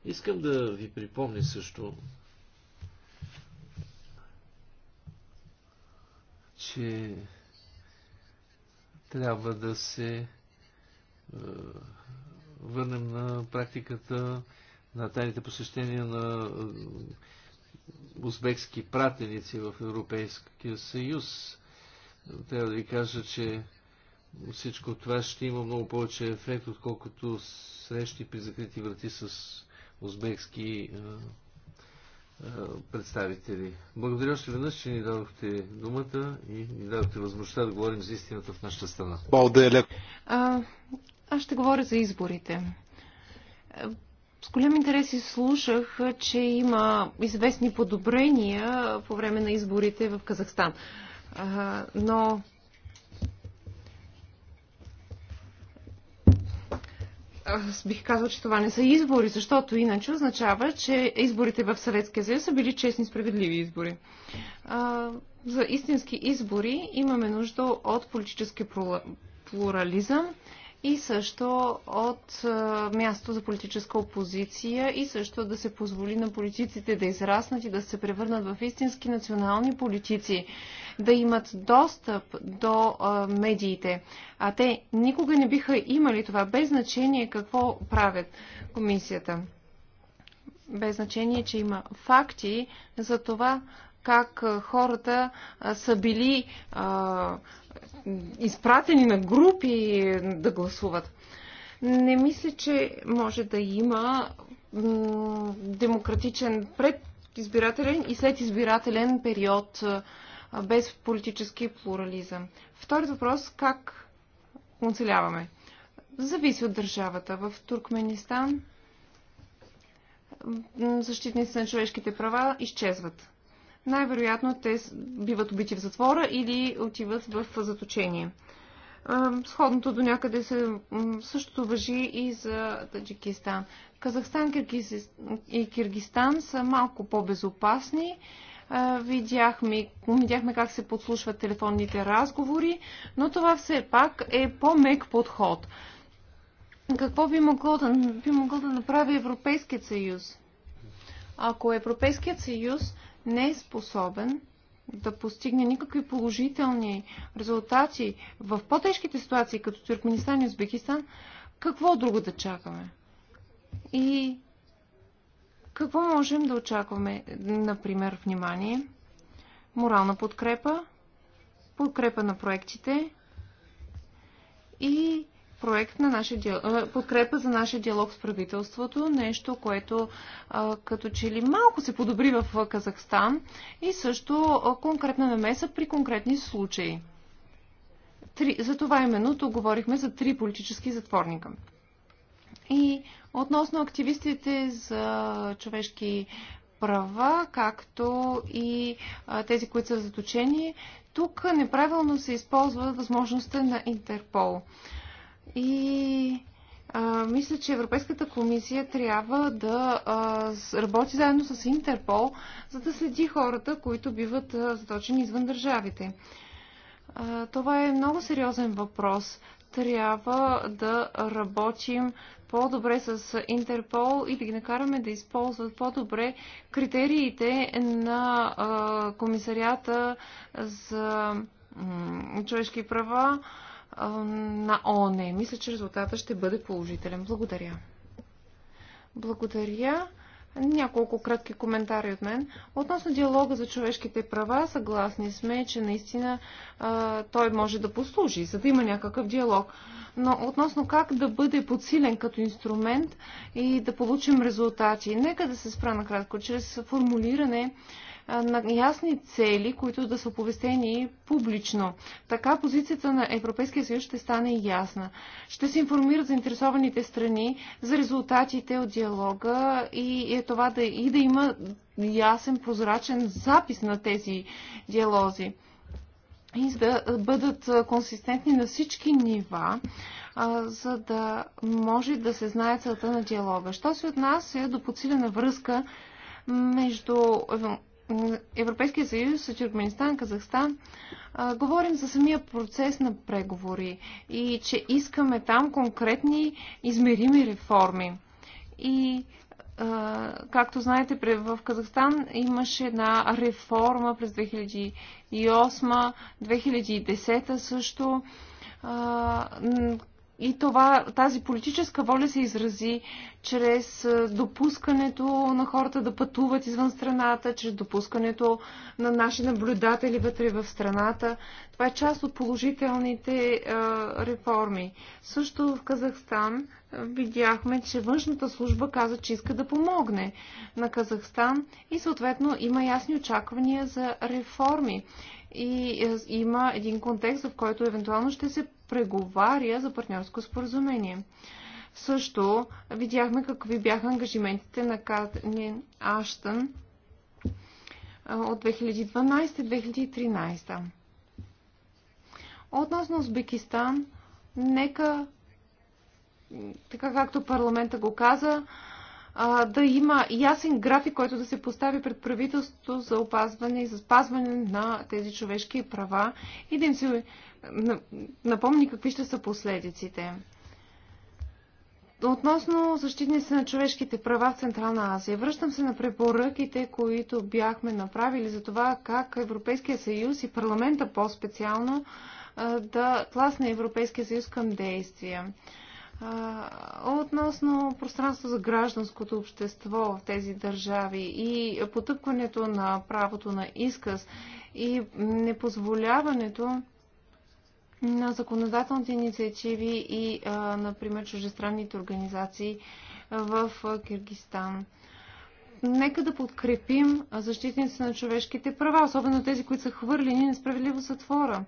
Искам да ви припомня също, че трябва да се е, върнем на практиката на тайните посещения на узбекски пратеници в Европейския съюз. Трябва да ви кажа, че всичко това ще има много повече ефект, отколкото срещи при закрити врати с узбекски е, е, представители. Благодаря още веднъж, че ни дадохте думата и ни дадохте възможността да говорим за истината в нашата страна. Благодаря. Аз ще говоря за изборите. С голям интерес и слушах, че има известни подобрения по време на изборите в Казахстан. Но аз бих казал, че това не са избори, защото иначе означава, че изборите в Съветския съюз са били честни, справедливи избори. за истински избори имаме нужда от политически плурализъм и също от е, място за политическа опозиция и също да се позволи на политиците да израснат и да се превърнат в истински национални политици, да имат достъп до е, медиите. А те никога не биха имали това, без значение какво правят комисията. Без значение, че има факти за това как хората са били изпратени на групи да гласуват. Не мисля, че може да има демократичен предизбирателен и след избирателен период без политически плурализъм. Вторият въпрос как оцеляваме? Зависи от държавата. В Туркменистан защитници на човешките права изчезват най-вероятно те биват убити в затвора или отиват в заточение. Сходното до някъде се, същото въжи и за Таджикистан. Казахстан и Киргистан са малко по-безопасни. Видяхме, видяхме как се подслушват телефонните разговори, но това все пак е по-мек подход. Какво би могло да, би могло да направи Европейският съюз? Ако Европейският съюз не е способен да постигне никакви положителни резултати в по-тежките ситуации, като Туркменистан и Узбекистан, какво друго да чакаме? И какво можем да очакваме? Например, внимание, морална подкрепа, подкрепа на проектите и проект на нашия диалог, подкрепа за нашия диалог с правителството, нещо, което като че ли малко се подобри в Казахстан и също конкретна намеса при конкретни случаи. Три, за това именно тук говорихме за три политически затворника. И относно активистите за човешки права, както и тези, които са заточени, тук неправилно се използва възможността на Интерпол. И а, мисля, че Европейската комисия трябва да а, работи заедно с Интерпол, за да следи хората, които биват а, заточени извън държавите. А, това е много сериозен въпрос. Трябва да работим по-добре с Интерпол и да ги накараме да използват по-добре критериите на а, комисарията за човешки права на ОНЕ. Мисля, че резултата ще бъде положителен. Благодаря. Благодаря. Няколко кратки коментари от мен. Относно диалога за човешките права, съгласни сме, че наистина а, той може да послужи, за да има някакъв диалог. Но относно как да бъде подсилен като инструмент и да получим резултати, нека да се спра накратко чрез формулиране на ясни цели, които да са оповестени публично. Така позицията на Европейския съюз ще стане ясна. Ще се информират заинтересованите страни за резултатите от диалога и, е това да, и да има ясен, прозрачен запис на тези диалози и да бъдат консистентни на всички нива, а, за да може да се знае целта на диалога. Що се отнася до подсилена връзка между Европейския съюз, Тюркменистан, Казахстан, а, говорим за самия процес на преговори и че искаме там конкретни измерими реформи. И а, както знаете, в Казахстан имаше една реформа през 2008-2010 също, а, и това, тази политическа воля се изрази чрез допускането на хората да пътуват извън страната, чрез допускането на наши наблюдатели вътре в страната. Това е част от положителните реформи. Също в Казахстан видяхме, че външната служба каза, че иска да помогне на Казахстан и съответно има ясни очаквания за реформи. И има един контекст, в който евентуално ще се преговаря за партньорско споразумение. Също видяхме какви бяха ангажиментите на Катнин Аштън от 2012-2013. Относно Узбекистан, нека, така както парламента го каза, а, да има ясен график, който да се постави пред правителството за опазване и за спазване на тези човешки права и да им се е, напомни какви ще са последиците. Относно се на човешките права в Централна Азия, връщам се на препоръките, които бяхме направили за това как Европейския съюз и парламента по-специално да тласне Европейския съюз към действия относно пространство за гражданското общество в тези държави и потъпването на правото на изказ и непозволяването на законодателните инициативи и, например, чужестранните организации в Киргистан. Нека да подкрепим защитници на човешките права, особено тези, които са хвърлени несправедливо затвора.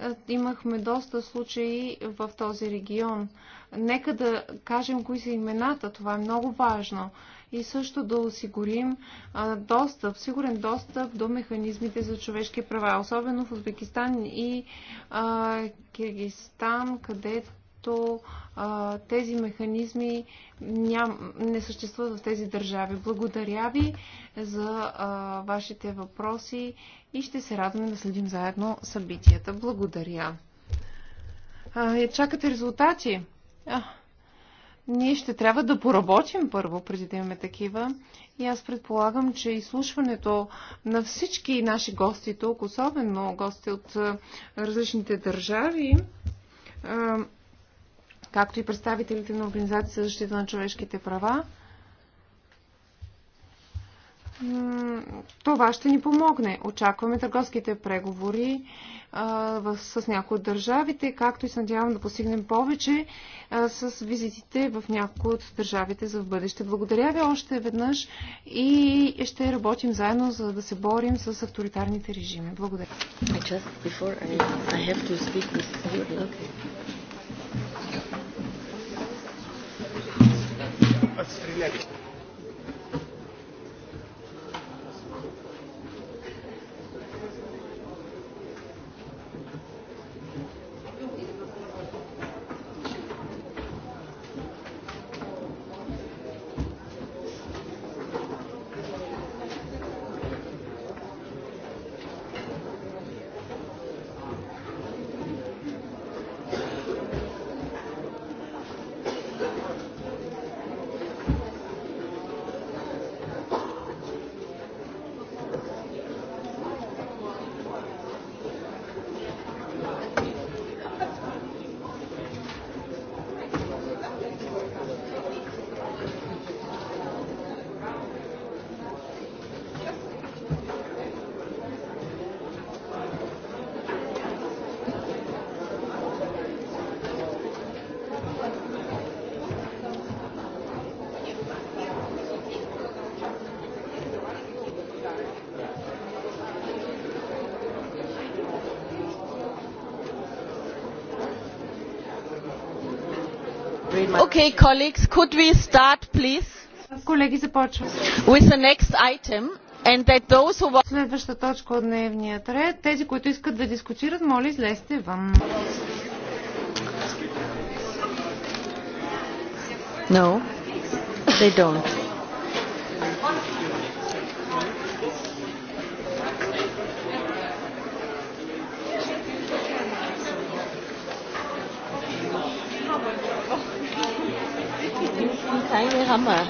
Е, имахме доста случаи в този регион. Нека да кажем кои са имената, това е много важно. И също да осигурим е, достъп, сигурен достъп до механизмите за човешки права, особено в Узбекистан и е, Киргистан, където защото а, тези механизми ням, не съществуват в тези държави. Благодаря ви за а, вашите въпроси и ще се радваме да следим заедно събитията. Благодаря. А, е, чакате резултати? А, ние ще трябва да поработим първо, преди да имаме такива. И аз предполагам, че изслушването на всички наши гости тук, особено гости от различните държави, както и представителите на Организацията за защита на човешките права. Това ще ни помогне. Очакваме търговските преговори а, с някои от държавите, както и се надявам да постигнем повече а, с визитите в някои от държавите за в бъдеще. Благодаря ви още веднъж и ще работим заедно, за да се борим с авторитарните режими. Благодаря. отстрелять. Okay, colleagues, could we start, please? With the next item. And that those who... Следваща точка от дневния ред. Тези, които искат да дискутират, моля, излезте вън. No, they don't. hammer.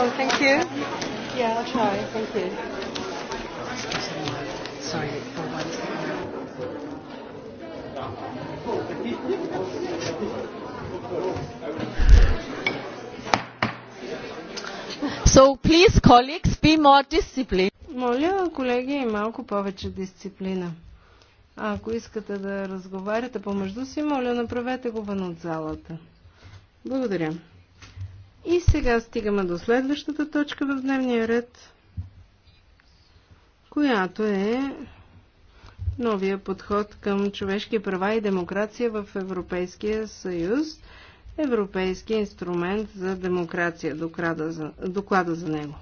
Oh, thank you. Yeah, I'll try. Thank you. Sorry, So please, colleagues, be more disciplined. Моля, колеги, малко повече дисциплина. А ако искате да разговаряте помежду си, моля, направете го вън от залата. Благодаря. И сега стигаме до следващата точка в дневния ред, която е новия подход към човешки права и демокрация в Европейския съюз, Европейския инструмент за демокрация, доклада за, доклада за него.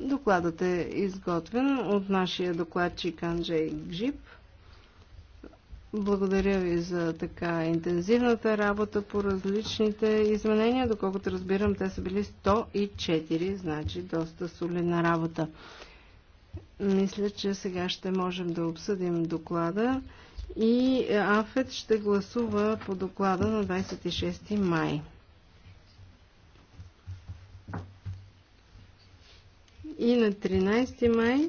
Докладът е изготвен от нашия докладчик Анджей Гжип. Благодаря ви за така интензивната работа по различните изменения. Доколкото разбирам, те са били 104, значи доста солидна работа. Мисля, че сега ще можем да обсъдим доклада и АФЕД ще гласува по доклада на 26 май. И на 13 май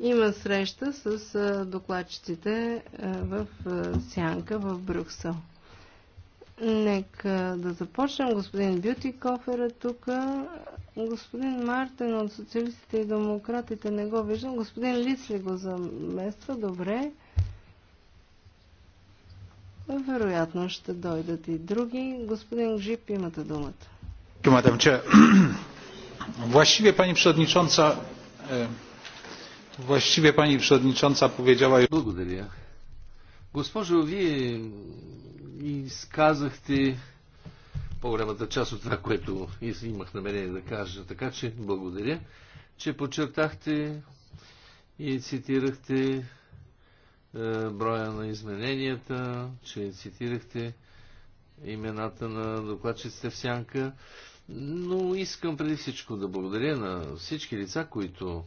има среща с докладчиците в Сянка в Брюксел. Нека да започнем. Господин Бютиков е тук. Господин Мартин от социалистите и демократите не го виждам. Господин Лиц ли го замества? Добре. Вероятно ще дойдат и други. Господин Жип, имате думата. Мадам Че, Właściwie Pani Przewodnicząca, Właściwie pani przewodnicząca powiedziała... Благодаря. Госпожо, вие изказахте по-голямата част от това, което имах намерение да кажа. Така че благодаря, че подчертахте и цитирахте е, броя на измененията, че цитирахте имената на докладчиците в сянка. Но искам преди всичко да благодаря на всички лица, които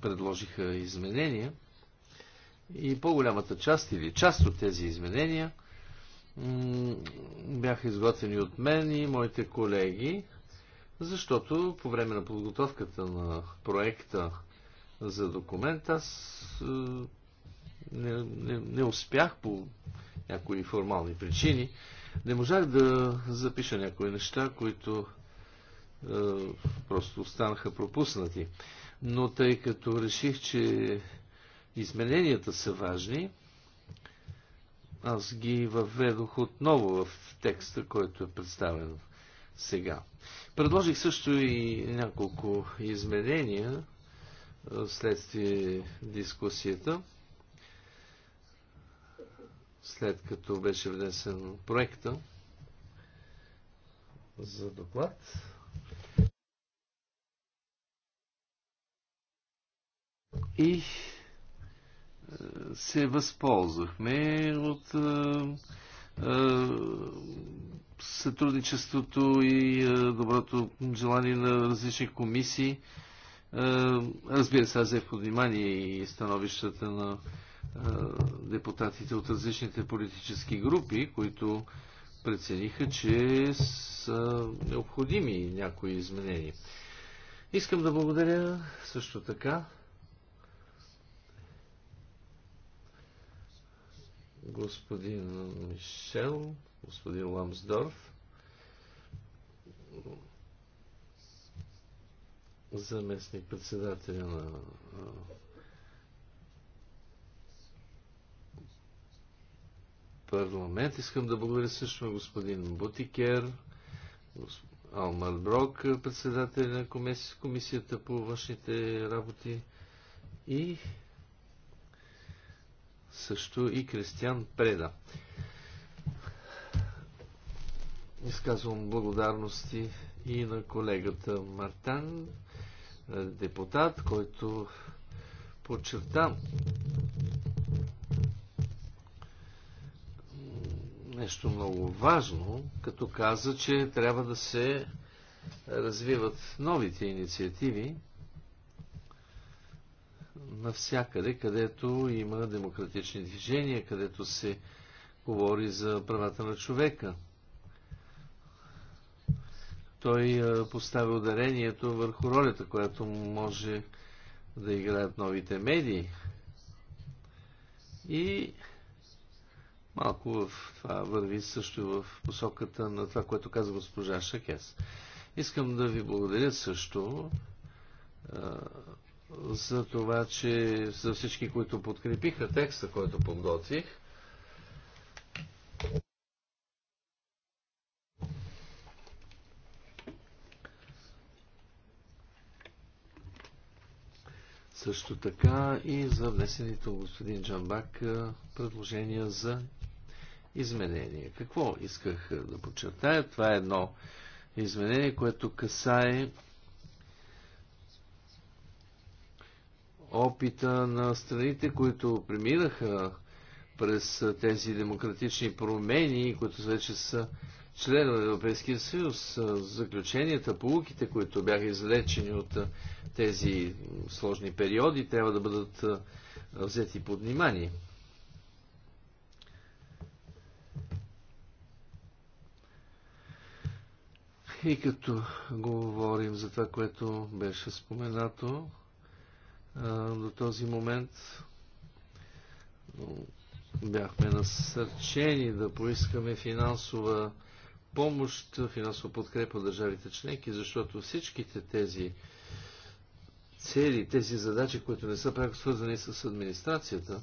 предложиха изменения и по-голямата част или част от тези изменения бяха изготвени от мен и моите колеги, защото по време на подготовката на проекта за документ аз е, не, не, не успях по някои формални причини. Не можах да запиша някои неща, които е, просто останаха пропуснати но тъй като реших, че измененията са важни, аз ги въведох отново в текста, който е представен сега. Предложих също и няколко изменения следствие дискусията, след като беше внесен проекта за доклад. и е, се възползвахме от е, е, сътрудничеството и доброто желание на различни комисии. Разбира се, аз взех под внимание и становищата на депутатите от различните политически групи, които прецениха, че са необходими някои изменения. Искам да благодаря също така господин Мишел, господин Ламсдорф, заместник председателя на парламент. Искам да благодаря също на господин Бутикер, господин Алмар Брок, председател на комисията по външните работи и също и Кристиан Преда. Изказвам благодарности и на колегата Мартан, е, депутат, който подчерта нещо много важно, като каза, че трябва да се развиват новите инициативи, навсякъде, където има демократични движения, където се говори за правата на човека. Той поставя ударението върху ролята, която може да играят новите медии. И малко в това върви също в посоката на това, което каза госпожа Шакес. Искам да ви благодаря също за това, че за всички, които подкрепиха текста, който подготвих. Също така и за внесените от господин Джамбак предложения за изменение. Какво исках да подчертая? Това е едно изменение, което касае опита на страните, които преминаха през тези демократични промени, които вече са членове на Европейския съюз, заключенията, полуките, които бяха излечени от тези сложни периоди, трябва да бъдат взети под внимание. И като говорим за това, което беше споменато, до този момент. Бяхме насърчени да поискаме финансова помощ, финансова подкрепа от държавите членки, защото всичките тези цели, тези задачи, които не са пряко свързани с администрацията,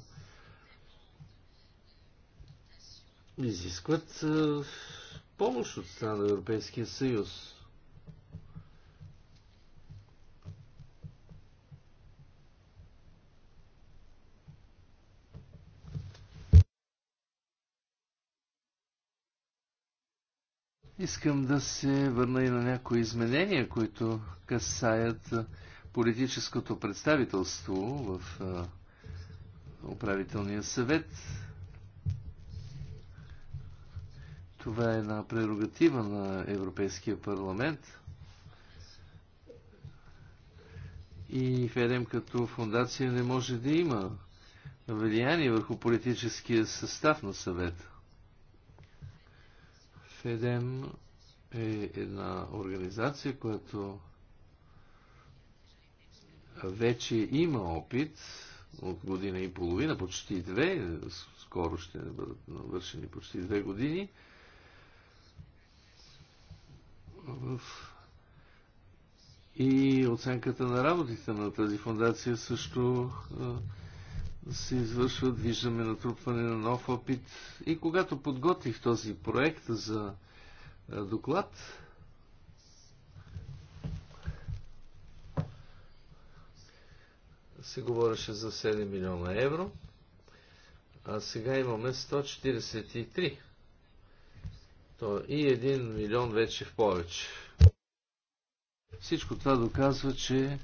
изискват помощ от страна на Европейския съюз. Искам да се върна и на някои изменения, които касаят политическото представителство в управителния съвет. Това е една прерогатива на Европейския парламент. И ФЕДЕМ като фундация не може да има влияние върху политическия състав на съвета. Федем е една организация, която вече има опит от година и половина, почти две, скоро ще бъдат навършени почти две години, в... и оценката на работите на тази фундация също се извършват, виждаме натрупване на нов опит. И когато подготвих този проект за доклад, се говореше за 7 милиона евро, а сега имаме 143. То и 1 милион вече в повече. Всичко това доказва, че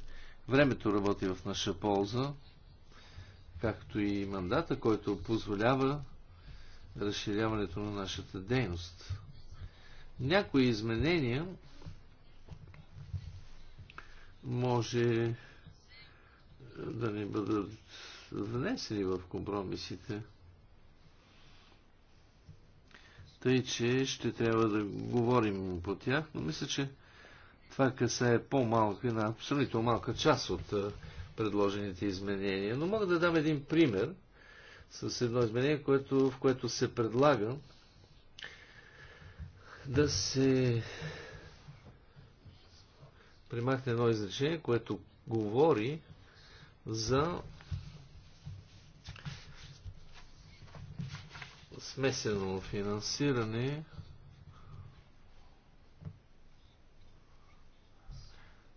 времето работи в наша полза, както и мандата, който позволява разширяването на нашата дейност. Някои изменения може да не бъдат внесени в компромисите. Тъй, че ще трябва да говорим по тях, но мисля, че това касае по-малка, една абсолютно малка част от предложените изменения. Но мога да дам един пример с едно изменение, което, в което се предлага да се примахне едно изречение, което говори за смесено финансиране,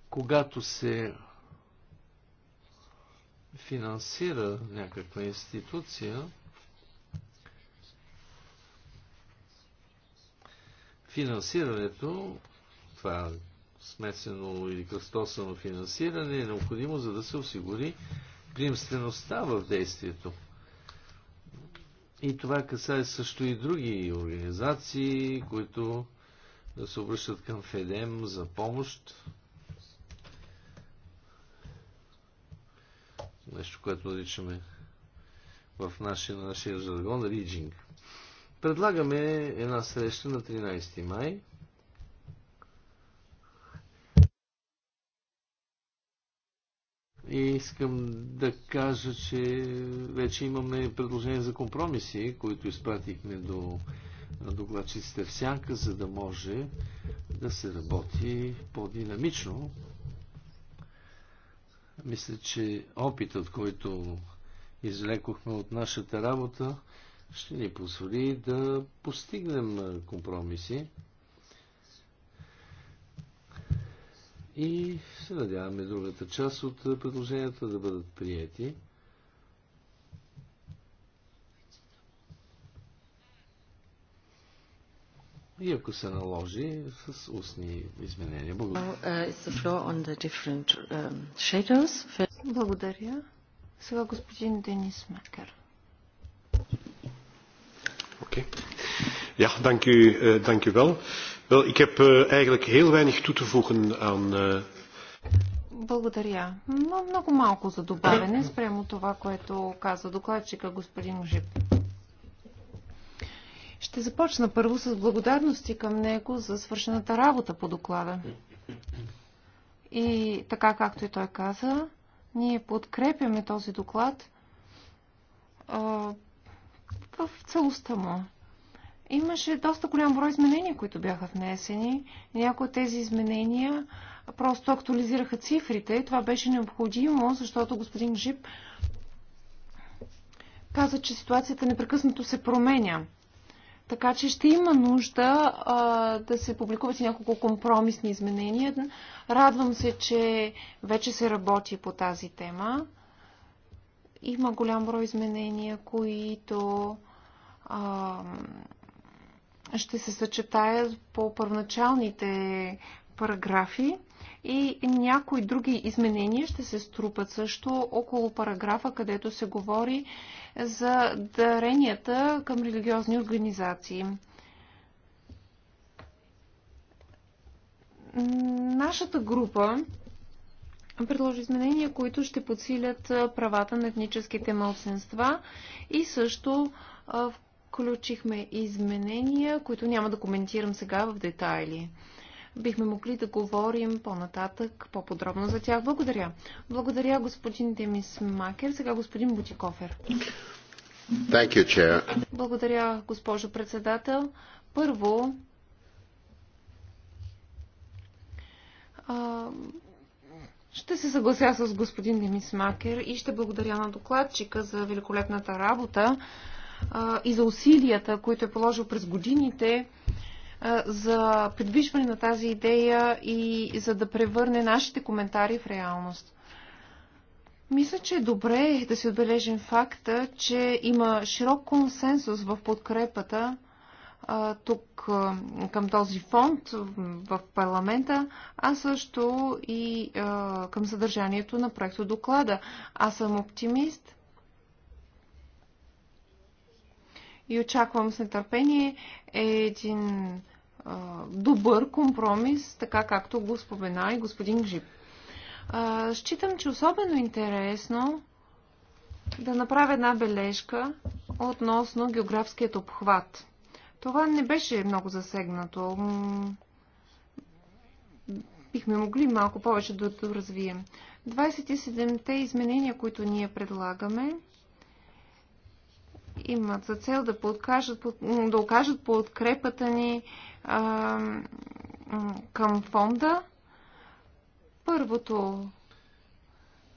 когато се финансира някаква институция, финансирането, това е смесено или кръстосано финансиране е необходимо, за да се осигури приемствеността в действието. И това касае също и други организации, които да се обръщат към ФЕДЕМ за помощ. Нещо, което наричаме в нашия, на нашия жаргон риджинг. Предлагаме една среща на 13 май. И искам да кажа, че вече имаме предложения за компромиси, които изпратихме до докладчиците в сянка, за да може да се работи по-динамично мисля, че опитът, който излекохме от нашата работа, ще ни позволи да постигнем компромиси. И се надяваме другата част от предложенията да бъдат прияти. и ако се наложи с устни изменения. Благодаря. Uh, um, Благодаря. Сега господин Денис Мекер. Oké. Okay. Ja, dank u, uh, dank u wel. Wel, ik heb uh, eigenlijk heel weinig toe te voegen aan. Eh, Благодаря. много малко за добавене спрямо това, което каза докладчика господин Жип. Ще започна първо с благодарности към него за свършената работа по доклада. И така както и той каза, ние подкрепяме този доклад а, в целостта му. Имаше доста голям брой изменения, които бяха внесени. Някои от тези изменения просто актуализираха цифрите. Това беше необходимо, защото господин Жип каза, че ситуацията непрекъснато се променя. Така че ще има нужда а, да се публикуват и няколко компромисни изменения. Радвам се, че вече се работи по тази тема. Има голям брой изменения, които а, ще се съчетаят по първоначалните параграфи и някои други изменения ще се струпат също около параграфа, където се говори за даренията към религиозни организации. Нашата група предложи изменения, които ще подсилят правата на етническите малцинства и също включихме изменения, които няма да коментирам сега в детайли бихме могли да говорим по-нататък, по-подробно за тях. Благодаря. Благодаря господин Демис Макер. Сега господин Бутикофер. Thank you, chair. Благодаря, госпожо председател. Първо, а, ще се съглася с господин Демис Макер и ще благодаря на докладчика за великолепната работа а, и за усилията, които е положил през годините за придвижване на тази идея и за да превърне нашите коментари в реалност. Мисля, че е добре да си отбележим факта, че има широк консенсус в подкрепата а, тук а, към този фонд в парламента, а също и а, към съдържанието на проекто доклада. Аз съм оптимист и очаквам с нетърпение един добър компромис, така както го спомена и господин Жип. Считам, че особено интересно да направя една бележка относно географският обхват. Това не беше много засегнато. Бихме могли малко повече да развием. 27-те изменения, които ние предлагаме, имат за цел да, подкажат, да окажат подкрепата ни а, към фонда. Първото,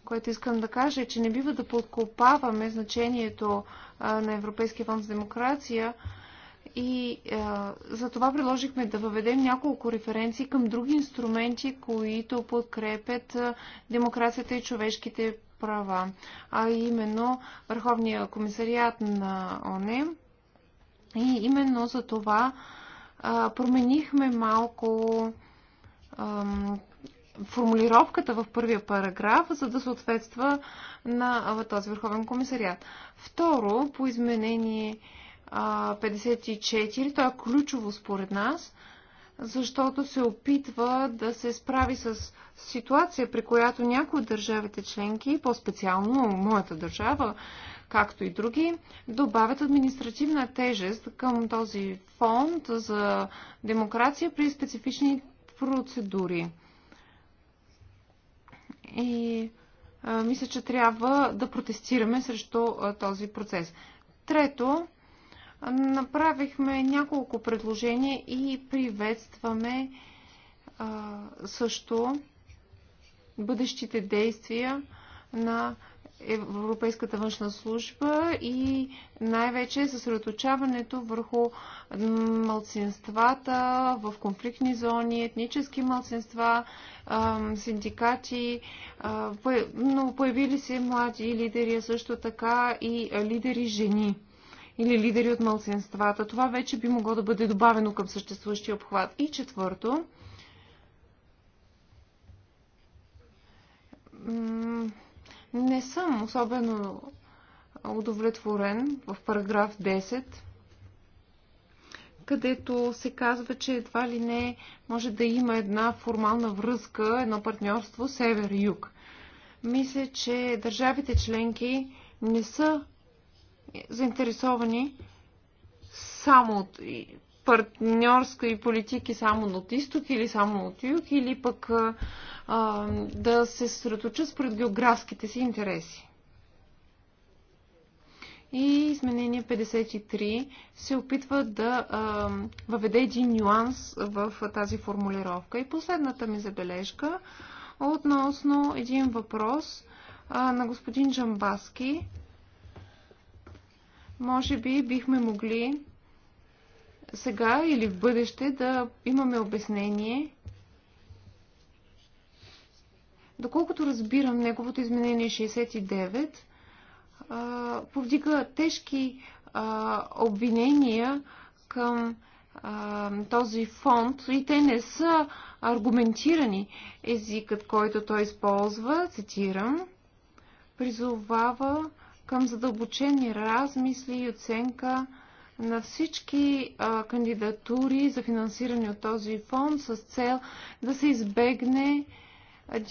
което искам да кажа е, че не бива да подкопаваме значението а, на Европейския фонд за демокрация и а, за това предложихме да въведем няколко референции към други инструменти, които подкрепят а, демокрацията и човешките права, а именно Върховния комисариат на ОНЕ. И именно за това а, променихме малко ам, формулировката в първия параграф, за да съответства на този Върховен комисариат. Второ, по изменение 54, то е ключово според нас – защото се опитва да се справи с ситуация, при която някои от държавите членки, по-специално моята държава, както и други, добавят административна тежест към този фонд за демокрация при специфични процедури. И а, мисля, че трябва да протестираме срещу а, този процес. Трето, Направихме няколко предложения и приветстваме а, също бъдещите действия на Европейската външна служба и най-вече съсредоточаването върху мълцинствата в конфликтни зони, етнически мълцинства, синдикати, но появили се млади лидери, също така и лидери жени или лидери от мълценствата. Това вече би могло да бъде добавено към съществуващия обхват. И четвърто, не съм особено удовлетворен в параграф 10, където се казва, че едва ли не може да има една формална връзка, едно партньорство север-юг. Мисля, че държавите членки не са заинтересовани само от партньорска и политики само от изток или само от юг, или пък а, да се средоточат според географските си интереси. И изменение 53 се опитва да а, въведе един нюанс в тази формулировка. И последната ми забележка относно един въпрос а, на господин Джамбаски може би бихме могли сега или в бъдеще да имаме обяснение. Доколкото разбирам, неговото изменение 69 е повдига тежки обвинения към този фонд и те не са аргументирани. Езикът, който той използва, цитирам, призовава към задълбочени размисли и оценка на всички а, кандидатури за финансиране от този фонд с цел да се избегне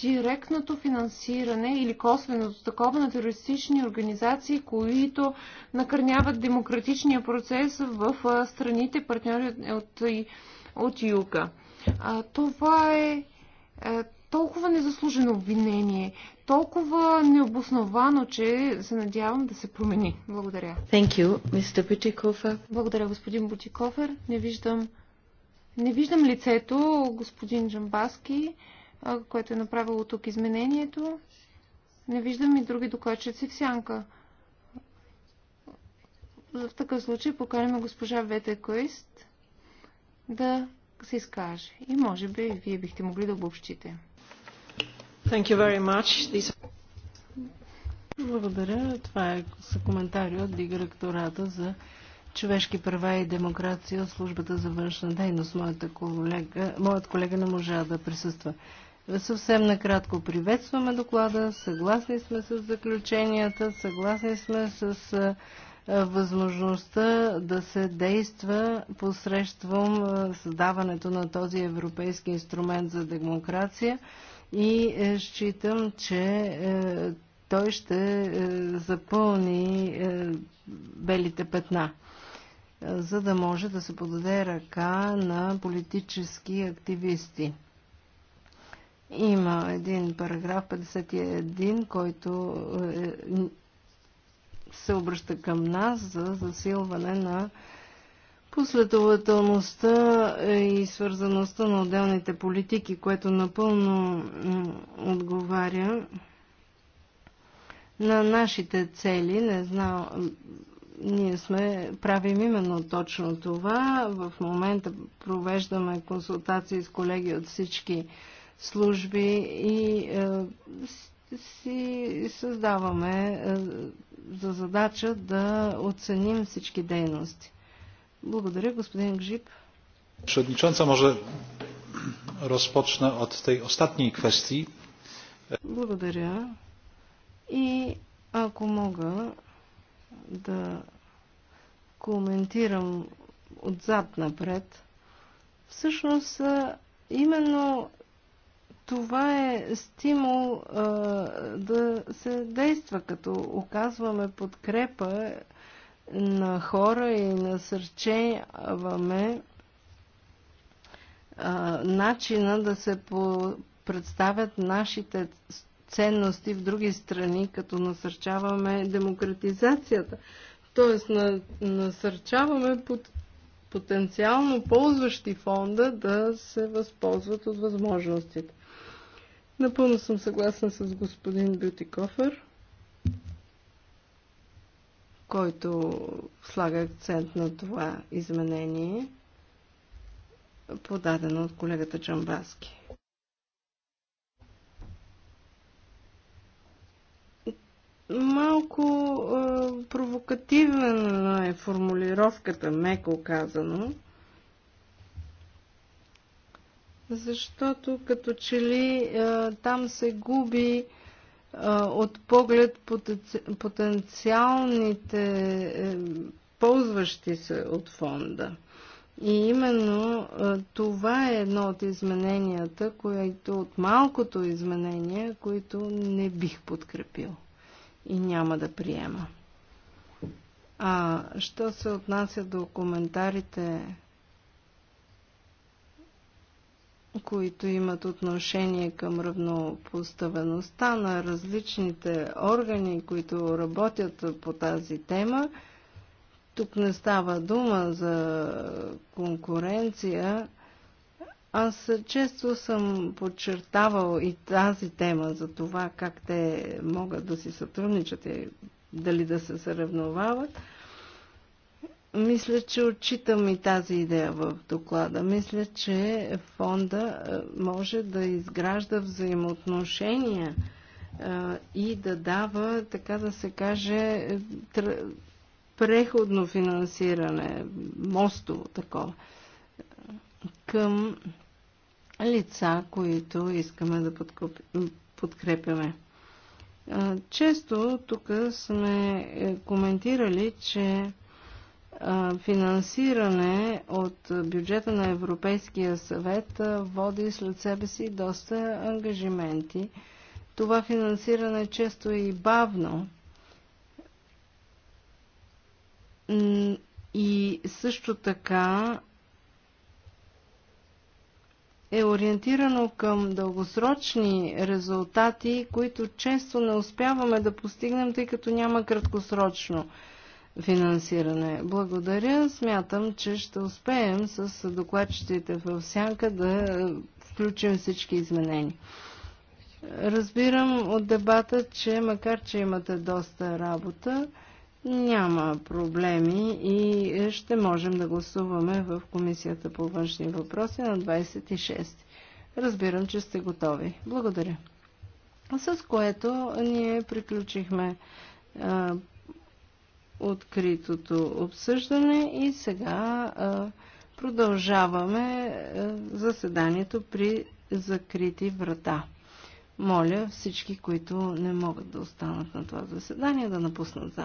директното финансиране или косвеното такова на терористични организации, които накърняват демократичния процес в а, страните партньори от, от, от юга. А, това е, е толкова незаслужено обвинение, толкова необосновано, че се надявам да се промени. Благодаря. Thank you, Mr. Butikofer. Благодаря, господин Бутикофер. Не виждам, не виждам лицето, господин Джамбаски, което е направило тук изменението. Не виждам и други докладчици в сянка. В такъв случай поканим госпожа Вете Койст да се изкаже. И може би вие бихте могли да обобщите. Thank you very much. These... Благодаря. Това е, са коментари от директората за човешки права и демокрация от службата за външна дейност. Моята колега, моят колега не можа да присъства. Съвсем накратко приветстваме доклада, съгласни сме с заключенията, съгласни сме с възможността да се действа посредством създаването на този европейски инструмент за демокрация и е, считам, че е, той ще е, запълни белите петна за да може да се подаде ръка на политически активисти. Има един параграф 51, който се обръща към нас за засилване на последователността е и свързаността на отделните политики, което напълно отговаря на нашите цели. Не знам, ние сме, правим именно точно това. В момента провеждаме консултации с колеги от всички служби и е, си създаваме е, за задача да оценим всички дейности. Благодаря, господин Гжип. Przewodnicząca, może rozpocznę od tej ostatniej kwestii. Благодаря. И ако мога да коментирам отзад напред, всъщност именно това е стимул а, да се действа, като оказваме подкрепа на хора и насърчаваме начина да се по, представят нашите ценности в други страни, като насърчаваме демократизацията. Тоест, на, насърчаваме под, потенциално ползващи фонда да се възползват от възможностите. Напълно съм съгласна с господин Бютикофер който слага акцент на това изменение, подадено от колегата Джамбаски. Малко е, провокативна е формулировката, меко казано, защото като че ли е, там се губи е, от поглед потенциалните е, ползващи се от фонда. И именно е, това е едно от измененията, което от малкото изменение, които не бих подкрепил и няма да приема. А що се отнася до коментарите които имат отношение към равнопоставеността на различните органи, които работят по тази тема. Тук не става дума за конкуренция. Аз често съм подчертавал и тази тема за това как те могат да си сътрудничат и дали да се съревновават. Мисля, че отчитам и тази идея в доклада. Мисля, че фонда е, може да изгражда взаимоотношения е, и да дава, така да се каже, преходно финансиране, мостово такова, към лица, които искаме да подкрепяме. Е, често тук сме коментирали, че финансиране от бюджета на Европейския съвет води след себе си доста ангажименти. Това финансиране често е и бавно. И също така е ориентирано към дългосрочни резултати, които често не успяваме да постигнем, тъй като няма краткосрочно финансиране. Благодаря. Смятам, че ще успеем с докладчетите в сянка да е, включим всички изменения. Разбирам от дебата, че макар, че имате доста работа, няма проблеми и ще можем да гласуваме в Комисията по външни въпроси на 26. Разбирам, че сте готови. Благодаря. С което ние приключихме откритото обсъждане и сега а, продължаваме а, заседанието при закрити врата. Моля всички, които не могат да останат на това заседание, да напуснат за.